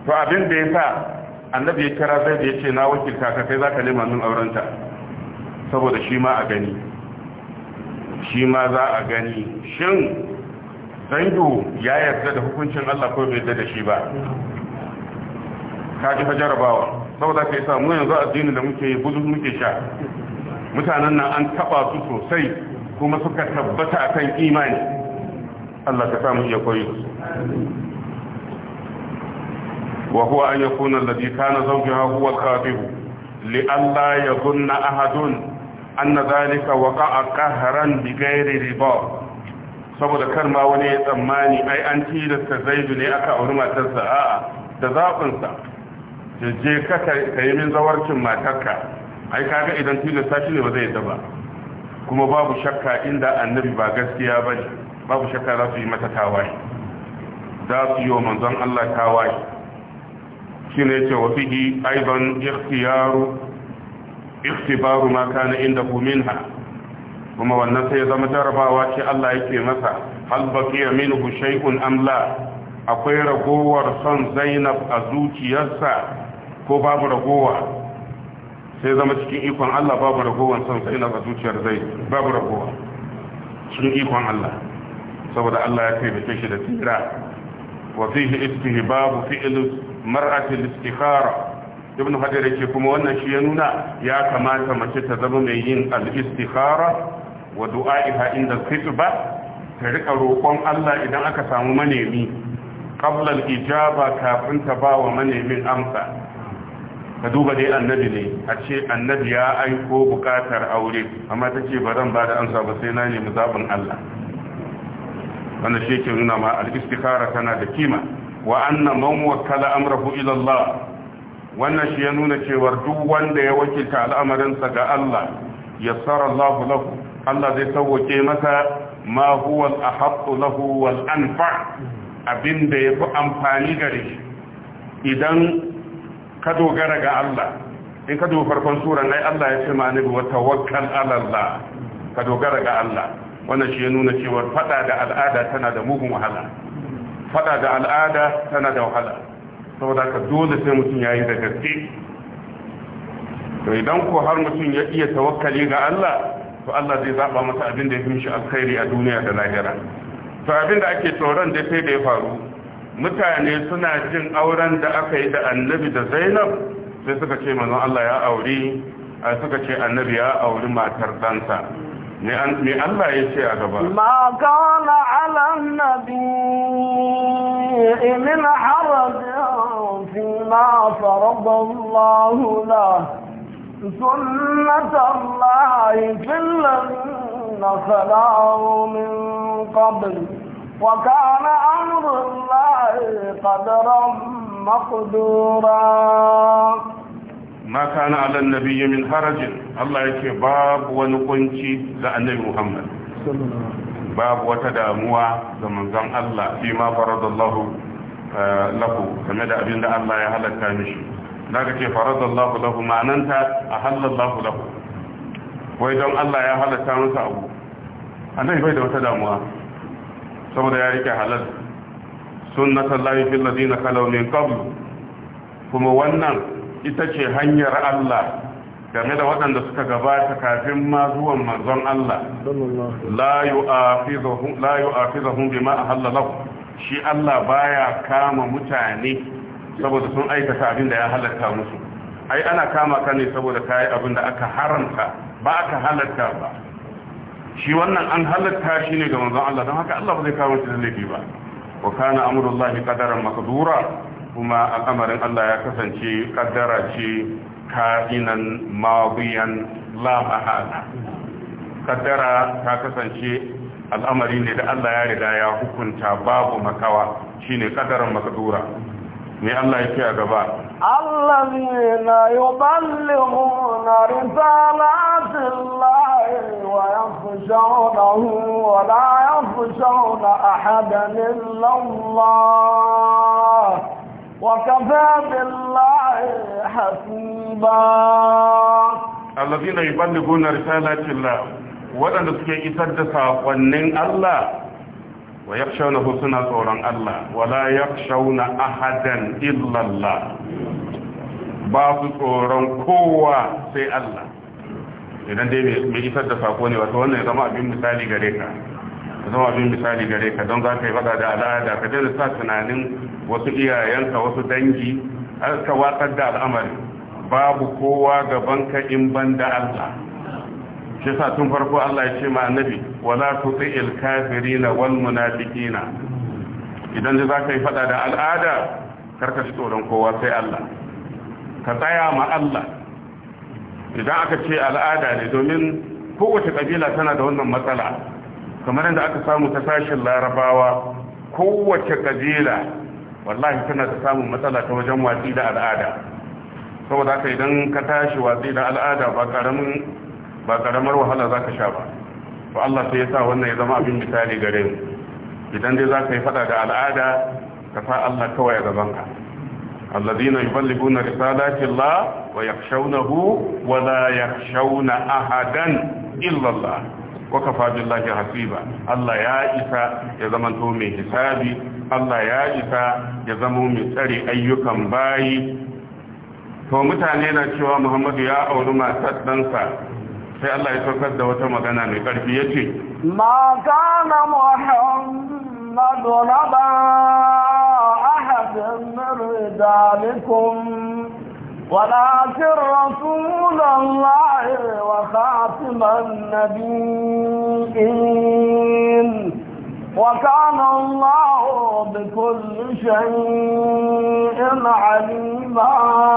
B: to abin da yasa annabi ya kira Zaidu ya ce na wakilta ka kai zaka nema min aurenta saboda shi ma a gani shi ma za a gani shin zaidu ya yarda da hukuncin Allah ko bai da shi ba ka ji jarabawa saboda ka sa mu yanzu addini da muke buzu muke sha mutanen nan an taba su sosai kuma suka tabbata akan imani Allah ka samu iya koyi wa huwa an yakuna alladhi kana zawjuha huwa al-qadib li alla yadhunna ahadun anna dhalika waqa'a qahran bighayri riba saboda kar ma wani ya tsammani ai an tilasta zaidu ne aka auri matarsa a da zaɓinsa je ka ka yi min zawarcin matarka ai kaga idan tilasta shi ne ba zai yi ba kuma babu shakka inda annabi ba gaskiya ba ne babu shakka za su yi mata tawaye za su yi wa manzon Allah tawaye shi ne ce wa fihi aiban ikhtiyaru ikhtibaru ma kana inda minha kuma wannan sai ya zama jarabawa ce Allah yake masa hal baqiya minhu shay'un am la akwai ragowar son Zainab a zuciyarsa ko babu ragowa sai zama cikin ikon Allah babu ragowar son Zainab a zuciyar zai babu ragowa cikin ikon Allah saboda Allah ya taimake shi da tsira wa fihi istihbabu fi'l mar'ati al-istikhara ibn hajar yake kuma wannan shi ya nuna ya kamata mace ta zama mai yin al-istikhara wa du'a'iha inda al-khitba ta rika roƙon Allah idan aka samu manemi qabla al-ijaba kafin ta ba wa manemin amsa ka duba dai annabi ne a ce annabi ya aiko bukatar aure amma ta ce ba zan ba da amsa ba sai na nemi zaɓin Allah wanda shi ke nuna ma al'istikara tana da kima wa annan man wakala amrahu ila Allah wannan shi ya nuna cewar duk wanda ya wakilta al'amarinsa ga Allah ya tsara Allah lahu Allah zai sauwake masa ma huwa al-ahaqqu lahu wal anfa abinda yafi amfani gare shi idan ka dogara ga Allah in ka dogara farkon suran ai Allah ya ce ma annabi wa tawakkal ala Allah ka dogara ga Allah wannan shi ya nuna cewa fada da al'ada tana da mugun wahala fada da al'ada tana da wahala saboda ka dole sai mutum yayi da gaske to idan ko har mutum ya iya tawakkali ga Allah to Allah zai zaba masa abin da ya fi mishi alkhairi a duniya da lahira to abin da ake tsoron da sai da ya faru mutane suna jin auren da aka yi da annabi da zainab sai suka ce manzon Allah ya auri suka ce annabi ya auri matar ɗansa me Allah ya ce a gaba ma kana
A: ala nabi min harajin fi ma farada Allah lahu سنة الله في الذين خلعوا من قبل وكان أمر الله قدرا مقدورا
B: ما كان على النبي من حرج الله يكي باب ونقنشي لأنه محمد باب وتداموا زمن الله فيما فرض الله lahu game da abin da Allah ya halatta mishi daga ce faradallahu lahu ma'ananta a halallahu lahu wai don Allah ya halatta masa abu A nan bai da wata damuwa saboda ya rike halal sunnatan lahi fil ladina kalaw min qabl kuma wannan ita ce hanyar Allah game da waɗanda suka gabata kafin ma zuwan manzon Allah la yu'afizuhum la ma a hallar lahu shi Allah baya kama mutane saboda sun aikata abin da ya halatta musu ai ana kama ka ne saboda ka yi abin da aka haramta ba aka halatta ba shi wannan an halatta shi ne ga manzon Allah don haka Allah ba zai kawo shi da laifi ba wa kana amrullahi qadaran maqdura kuma al'amarin Allah ya kasance kaddara ce ka'inan madiyan la mahala kaddara ta kasance al'amari ne da Allah ya riga ya hukunta babu makawa shine qadaran maqdura me Allah ya ce a
C: gaba
A: allazina yuballighuna risalati llahi wa yakhshawnahu wa la yakhshawna ahadan illa Allah wa kafa billahi hasiba
B: allazina yuballighuna risalati llahi wadanda suke isar da sakonnin Allah wa yakhshawnahu suna tsoron Allah wala yakhshawna ahadan illallah Allah ba su tsoron kowa sai Allah idan dai mai isar da sako ne wato wannan ya zama abin misali gare ka zama abin misali gare ka don za ka yi faɗa da al'ada ka daina sa tunanin wasu iyayenka wasu dangi ka watsar da al'amari babu kowa gaban ka in ban da Allah shi sa tun farko Allah ya ce ma annabi wala tuti'il kafirina wal munafiqina idan da zaka yi fada da al'ada karka ji tsoron kowa sai Allah ka tsaya ma Allah idan aka ce al'ada ne domin kowace kabila tana da wannan matsala kamar yadda aka samu ta sashin larabawa kowace kabila wallahi tana da samun matsala ta wajen watsi da al'ada saboda haka idan ka tashi watsi da al'ada ba karamin ba karamar wahala za ka sha ba to Allah sai ya sa wannan ya zama abin misali gare mu idan dai za ka yi fada da al'ada ka sa Allah kawai a gaban ka allazina yuballiguna risalati Allah wa yakhshawnahu wa la yakhshawna ahadan illa Allah wa kafa billahi hasiba Allah ya isa ya zama to mai hisabi Allah ya isa ya zama mai tsare ayyukan bayi to mutane na cewa Muhammadu ya auri matar ɗansa sai Allah ya saukar da wata magana mai ƙarfi ya ce ma kana
A: muhammadu laba ahadin rijalikum ولكن رسول الله وخاتم النبيين وكان الله بكل شيء عليما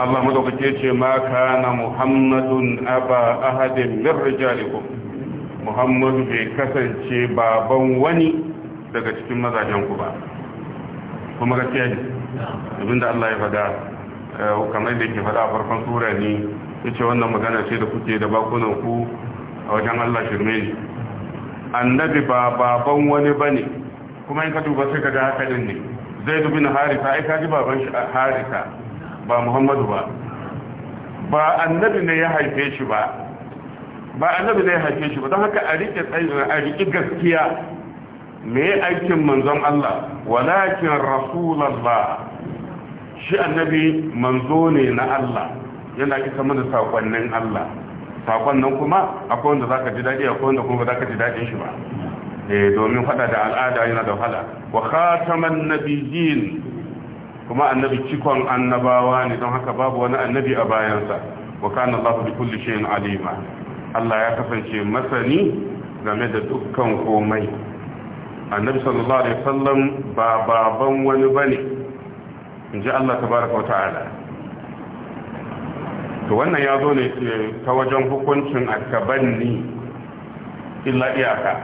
B: Allah madaukake ya ce ma kana muhammadun aba ahadin min rijalikum muhammadu bai kasance baban wani daga cikin mazajen ku ba kuma gaskiya ne abinda Allah ya faɗa eh, kamar da ke faɗa a farkon sura ne yace wannan magana ce da kuke da bakunan ku a wajen Allah shirme ne annabi ba baban wani bane kuma in ka duba sai ka ga haka din ne zaid bin harisa ai ka ji baban harisa ba muhammadu ba ba annabi ne ya haife shi ba ba annabi ne ya haife shi ba don haka a riƙe rike a riƙe gaskiya me aikin manzon Allah walakin rasulullah shi annabi manzo ne na Allah yana isa mana sakonnin Allah sakonnin kuma akwai wanda zaka ji daɗi, akwai wanda kuma zaka ji daɗin shi ba eh domin fada da al'ada yana da wahala wa khataman nabiyyin kuma annabi cikon annabawa ne don haka babu wani annabi a bayansa wa kana Allah bi kulli shay'in alima Allah ya kasance masani game da dukkan komai annabi sallallahu alaihi wasallam ba baban wani bane inji Allah tabaaraka wa ta'ala to wannan ya zo ne eh, ta wajen hukuncin akabanni illa iyaka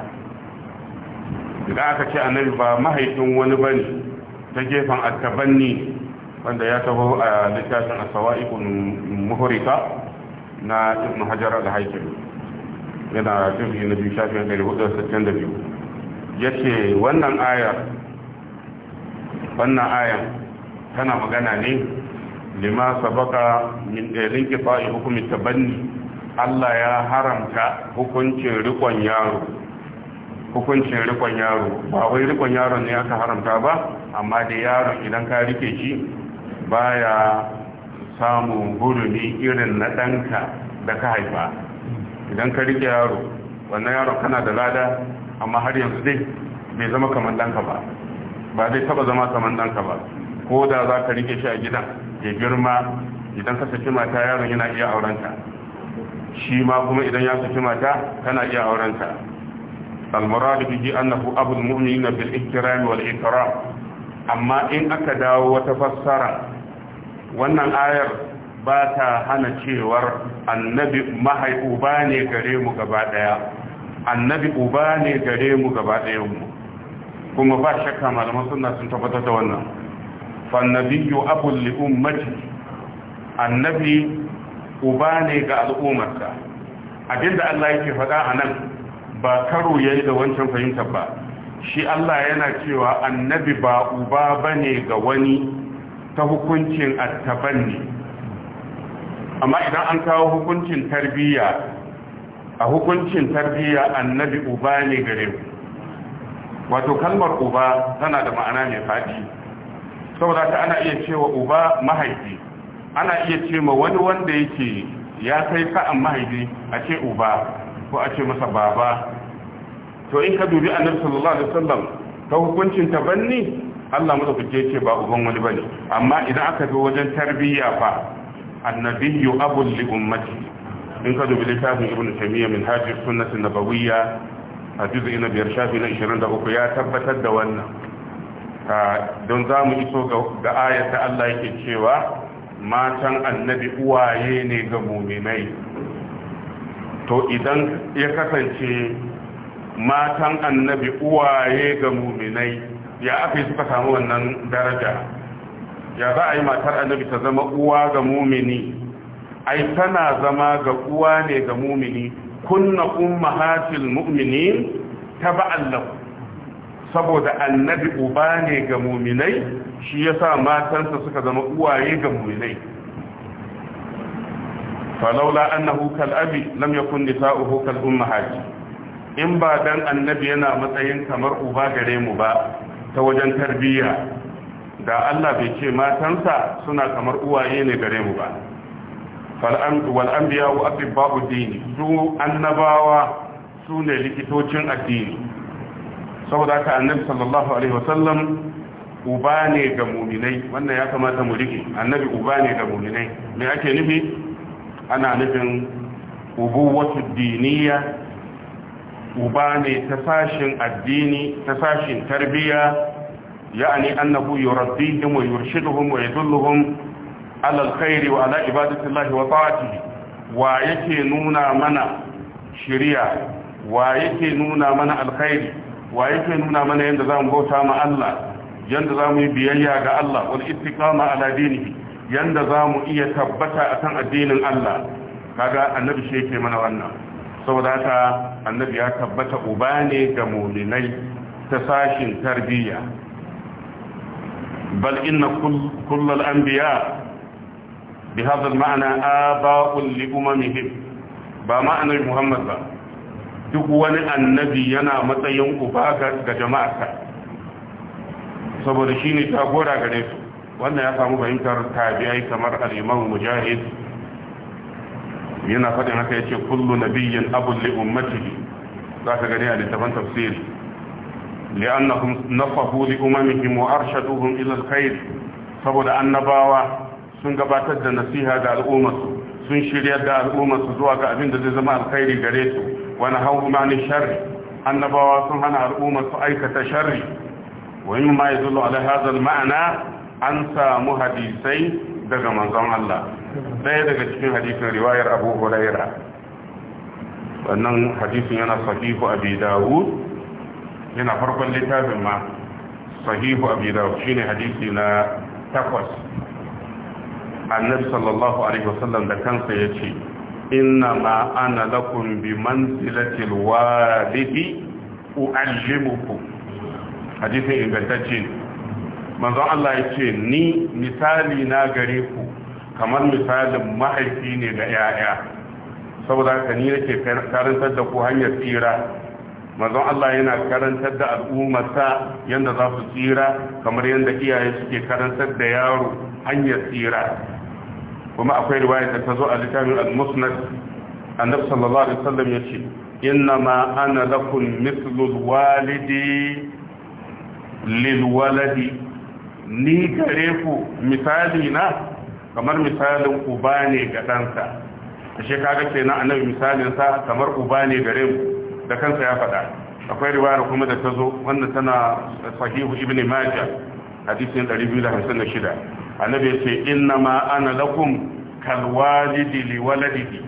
B: da aka ce annabi ba mahaifin wani bane ta gefen attabanni wanda ya taho a littafin ikun muhurika na ibn hajar al-haikali yana jirgi na biyu shafin 462 ya ce wannan ayar wannan ayar tana magana ne lima sabaka min ɗairin kifa hukumin tabanni Allah ya haramta hukuncin rikon yaro hukuncin rikon yaro ba wai rikon yaron ne aka haramta ba amma da yaro idan ka rike shi baya samun gurumi irin na ɗanka da ka haifa idan ka rike yaro wannan yaron kana da lada amma har yanzu dai bai zama kamar ɗanka ba ba zai taba zama kamar ɗanka ba ko da za ka rike shi a gidan ya girma idan ka saki mata yaron yana iya aurenta shi ma kuma idan ya saki mata tana iya aurenta المراد به أنه أبو المؤمنين بالإكرام والإكرام أما إن أكدا وتفسر وأن الآية باتا هنا تشيور النبي ما هي أباني كريم كبادايا النبي أباني كريم كبادايا كما باشك ما لما سنة سنتبتت وانا فالنبي أبو لأمتي النبي أباني كالأمتك abinda Allah yake faɗa a nan ba karo yayi da wancan fahimtar ba shi Allah yana cewa annabi ba uba bane ga wani ta hukuncin attabanni amma idan an kawo hukuncin tarbiyya a hukuncin tarbiyya annabi uba ne gare mu. wato kalmar uba tana da ma'ana mai fadi saboda ta ana iya cewa uba mahaifi ana iya cewa wani wanda yake ya kai sa'an mahaifi a ce uba ko a ce masa baba to in ka dubi annabi sallallahu alaihi wasallam ta hukuncin tabanni Allah madaukake ce ba uban wani bane amma idan aka zo wajen tarbiyya fa yu abul li ummati in ka dubi littafin ibn tamiyya min haji sunnah nabawiyya a juz'i na biyar shafi na 23 ya tabbatar da wannan don za mu iso ga ayata Allah yake cewa matan annabi uwaye ne ga muminai to idan ya kasance matan annabi uwaye ga muminai ya aka yi suka samu wannan daraja ya za a yi matar annabi ta zama uwa ga mumini ai tana zama ga uwa ne ga mumini kunna ummahatil mu'mini ta ba'allam saboda annabi uba ne ga muminai shi ya sa matansa suka zama uwaye ga muminai falaula annahu kal abi lam yakun nisa'uhu kal in ba dan annabi yana matsayin kamar uba gare mu ba ta wajen tarbiyya da Allah bai ce matansa suna kamar uwaye ne gare mu ba wal anbiya wa atibbabu dini su annabawa su ne likitocin addini saboda ka annabi sallallahu alaihi wasallam uba ne ga muminai wannan ya kamata mu rike annabi uba ne ga muminai me ake nufi ana nufin ubuwatu diniya uba ne ta sashin addini ta sashin tarbiyya ya'ani annahu yuraddihim wa yurshiduhum wa yadulluhum ala alkhairi wa ala ibadati wa ta'atihi wa yake nuna mana shari'a wa yake nuna mana alkhairi wa yake nuna mana yanda zamu bauta ma Allah yanda zamu yi biyayya ga Allah wal istiqama ala dinihi yanda za mu iya tabbata akan addinin Allah kaga annabi shi yake mana wannan saboda haka annabi ya tabbata uba ne ga mu'minai ta sashin tarbiyya bal inna kullal anbiya bi hadha ma'ana mana li umamihim ba ma'anar Muhammad ba duk wani annabi yana matsayin uba ga jama'arsa saboda shine tagora gare su wannan ya samu fahimtar tabi'ai kamar al-imam mujahid yana faɗin haka yace kullu nabiyyin abul li za zaka gani a littafin tafsiri li'annahum nafahu li umamihim wa arshaduhum ila al-khair saboda annabawa sun gabatar da nasiha ga su sun shiryar da su zuwa ga abin da zai zama alkhairi gare su wani hau mani sharri annabawa sun hana su aikata sharri wani ma ya zullo ala ma'ana an samu hadisai daga manzon Allah ɗaya daga cikin hadisin riwayar abu Hulaira. wannan hadisin yana sahihu abi dawud yana farkon littafin ma sahihu abi dawud shine hadisi na takwas annabi sallallahu alaihi wasallam da kansa ya ce inna ma ana lakum bi manzilatil walidi u'allimukum hadisin ingantacce manzon Allah ya ce ni misali na gare ku kamar misalin mahaifi ne ga 'ya'ya saboda ka ni nake karantar da ku hanyar tsira manzon Allah yana karantar da al'ummarsa yadda za su tsira kamar yadda iyaye suke karantar da yaro hanyar tsira kuma akwai riwaya ta zo a littafin al-musnad annabi sallallahu alaihi wasallam yace inna ma ana lakum mithlu walidi lil waladi ni gare ku misali na kamar misalin uba ne ga ɗansa ashe kaga na annabi misalin sa kamar uba ne gare mu da kansa ya faɗa akwai riwaya kuma da ta zo wannan tana sahihu ibn majah hadisin 256 annabi ya ce inna ma ana lakum li waladihi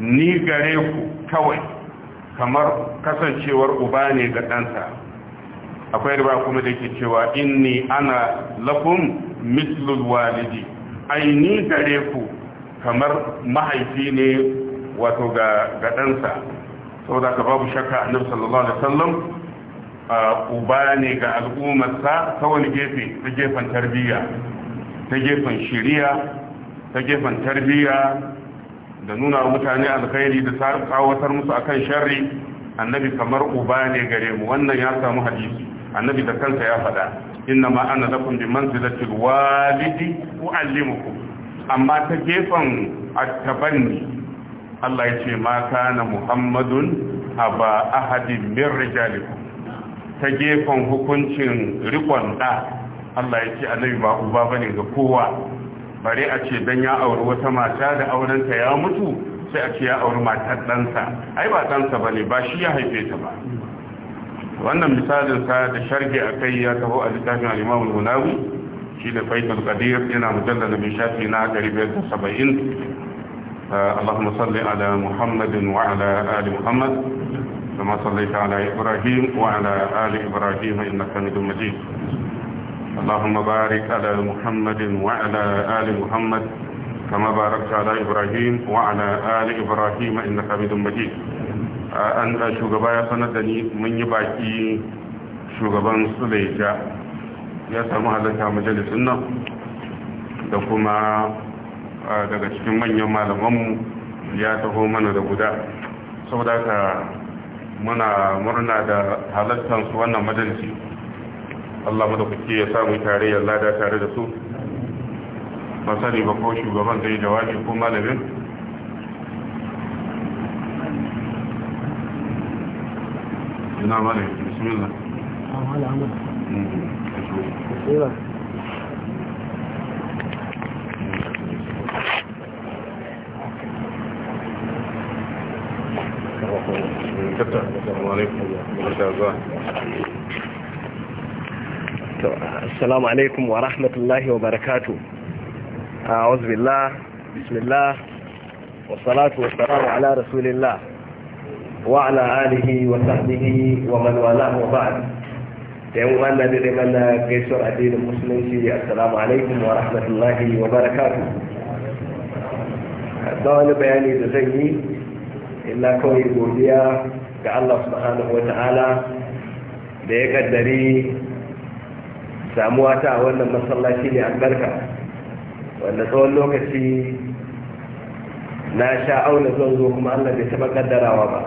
B: ni gare ku kawai kamar kasancewar uba ne ga ɗansa akwai riba kuma da ke cewa inni ana lakum mislul walidi aini gare ku kamar mahaifi ne wato ga ɗansa saboda ka babu shakka annabi sallallahu alaihi wasallam uba ne ga sa ta wani gefe ta gefen tarbiyya ta gefen shiriya ta gefen tarbiyya da nuna mutane alkhairi da tsawatar musu akan sharri annabi kamar uba ne gare mu wannan ya samu hadisi annabi da kansa ya faɗa inna ma ana lakum bi manzilatil walidi uallimukum amma ta gefen at-tabanni Allah ya ce ma kana Muhammadun aba ahadin min rijalikum ta gefen hukuncin rikon da Allah ya ce annabi ba uba bane ga kowa bare a ce dan ya auri wata mata da aurenta ya mutu sai a ce ya auri matar ɗansa ai ba ɗansa ba ne ba shi ya haife ta ba wannan misalin sa da sharhi akai ya taho a littafin al-imam al-hunawi shi da faidul qadir yana mujallal bi shafi na 570 اللهم صل على محمد وعلى آل محمد كما صليت على إبراهيم وعلى آل إبراهيم إنك حميد مجيد اللهم بارك على محمد وعلى آل محمد كما باركت على إبراهيم وعلى آل إبراهيم إنك حميد مجيد an shugaba ya sanar da ni mun yi baki shugaban suleja ya samu halatta majalisun nan da kuma daga cikin manyan malamanmu ya taho mana da guda saboda ka muna murna da su wannan majalisi allah kuke ya samu tare ya lada tare da su masani ba ko shugaban zai jawabi ko malamin نعم عليك بسم الله
D: السلام عليكم ورحمة الله وبركاته أعوذ بالله بسم الله والصلاة والسلام على رسول الله وعلى آله وصحبه ومن والاه وبعد yan uwa na da mana gaisuwar addinin musulunci assalamu alaikum wa rahmatullahi wa barakatu ba wani bayani da zan yi illa kawai godiya ga Allah subhanahu wa ta'ala da ya kaddari samuwa ta a wannan masallaci ne albarka wanda tsawon lokaci na sha auna zan zo kuma Allah bai taɓa kaddarawa ba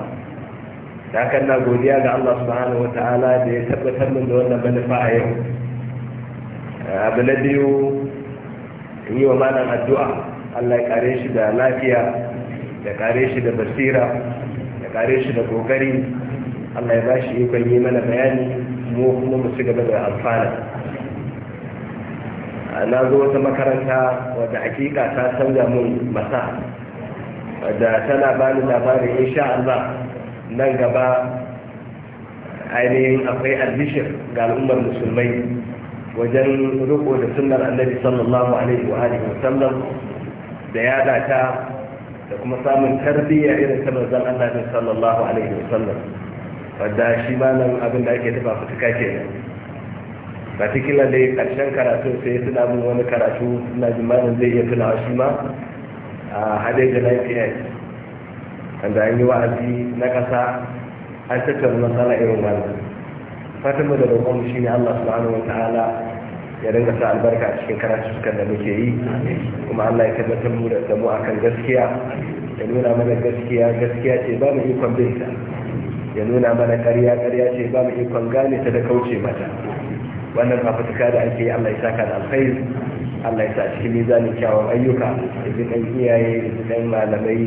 D: da na godiya ga Allah subhanahu ta'ala da ya tabbatar min da wannan manufa a yau abu na biyu in yi wa malam addu'a Allah ya kare shi da lafiya ya kare shi da basira ya kare shi da kokari Allah ya bashi ikon yi mana bayani mu kuma mu ci gaba da amfana na zo wata makaranta wadda hakika ta sauya mun masa wadda tana bani labarin insha Allah nan gaba ainihin akwai albishir ga al'ummar musulmai wajen riko da sunnar annabi sallallahu alaihi wa alihi wa sallam da ya ta da kuma samun tarbiyya irin ta manzon Allah sallallahu alaihi wa sallam wadda shi ma nan abin da ake tafa fituka kenan particular dai karshen karatu sai suna mun wani karatu suna jimanin zai iya tunawa shi ma a hadin da lafiya da an yi wa'azi na ƙasa an tattauna matsala irin wannan fatima da roƙon shi ne Allah subhanahu wataala ya dinga sa albarka a cikin kan da muke yi kuma Allah ya tabbatar mu da mu akan gaskiya ya nuna mana gaskiya gaskiya ce ba mu ikon ta ya nuna mana ƙarya ƙarya ce ba mu ikon gane ta da kauce mata wannan fafutuka da ake yi Allah ya saka da alkhairi Allah ya sa cikin mizanin kyawun ayyuka da iyaye da malamai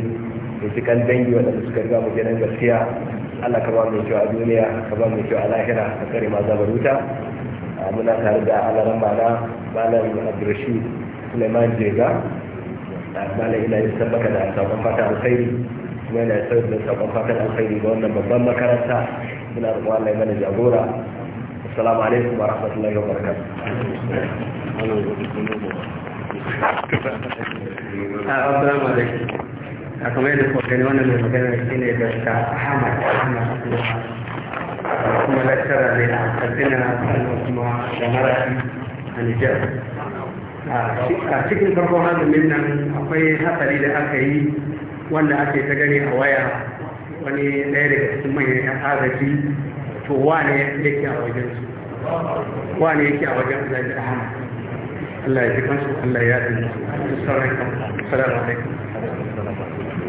D: da cikin dangi waɗanda suka riga mu gidan gaskiya Allah ka ba mu kyau a duniya ka ba mu kyau a lahira ka kare ma zabaruta muna tare da alaran mana malam Abdulrashid Suleiman Jega malam ina yin sabbaka da sabon fata alkhairi kuma ina yin da sabon fatan alkhairi ga wannan babban makaranta muna da Allah ya mana jagora assalamu alaikum wa rahmatullahi wa barakatuh
C: assalamu alaikum
D: a kamar yadda kuma gani wannan mai magana shi ne da ta ahmad ahmad kuma lattara ne a kaddina sannan kuma da marashi a nijar a cikin farkon hazumin nan akwai hatsari da aka yi wanda ake ta gani a waya wani ɗaya daga cikin manyan yan agaji to wane yake a wajen su wane yake a wajen alhaji ahmad
C: Allah ya ji kansu Allah ya ji kansu. Assalamu alaikum.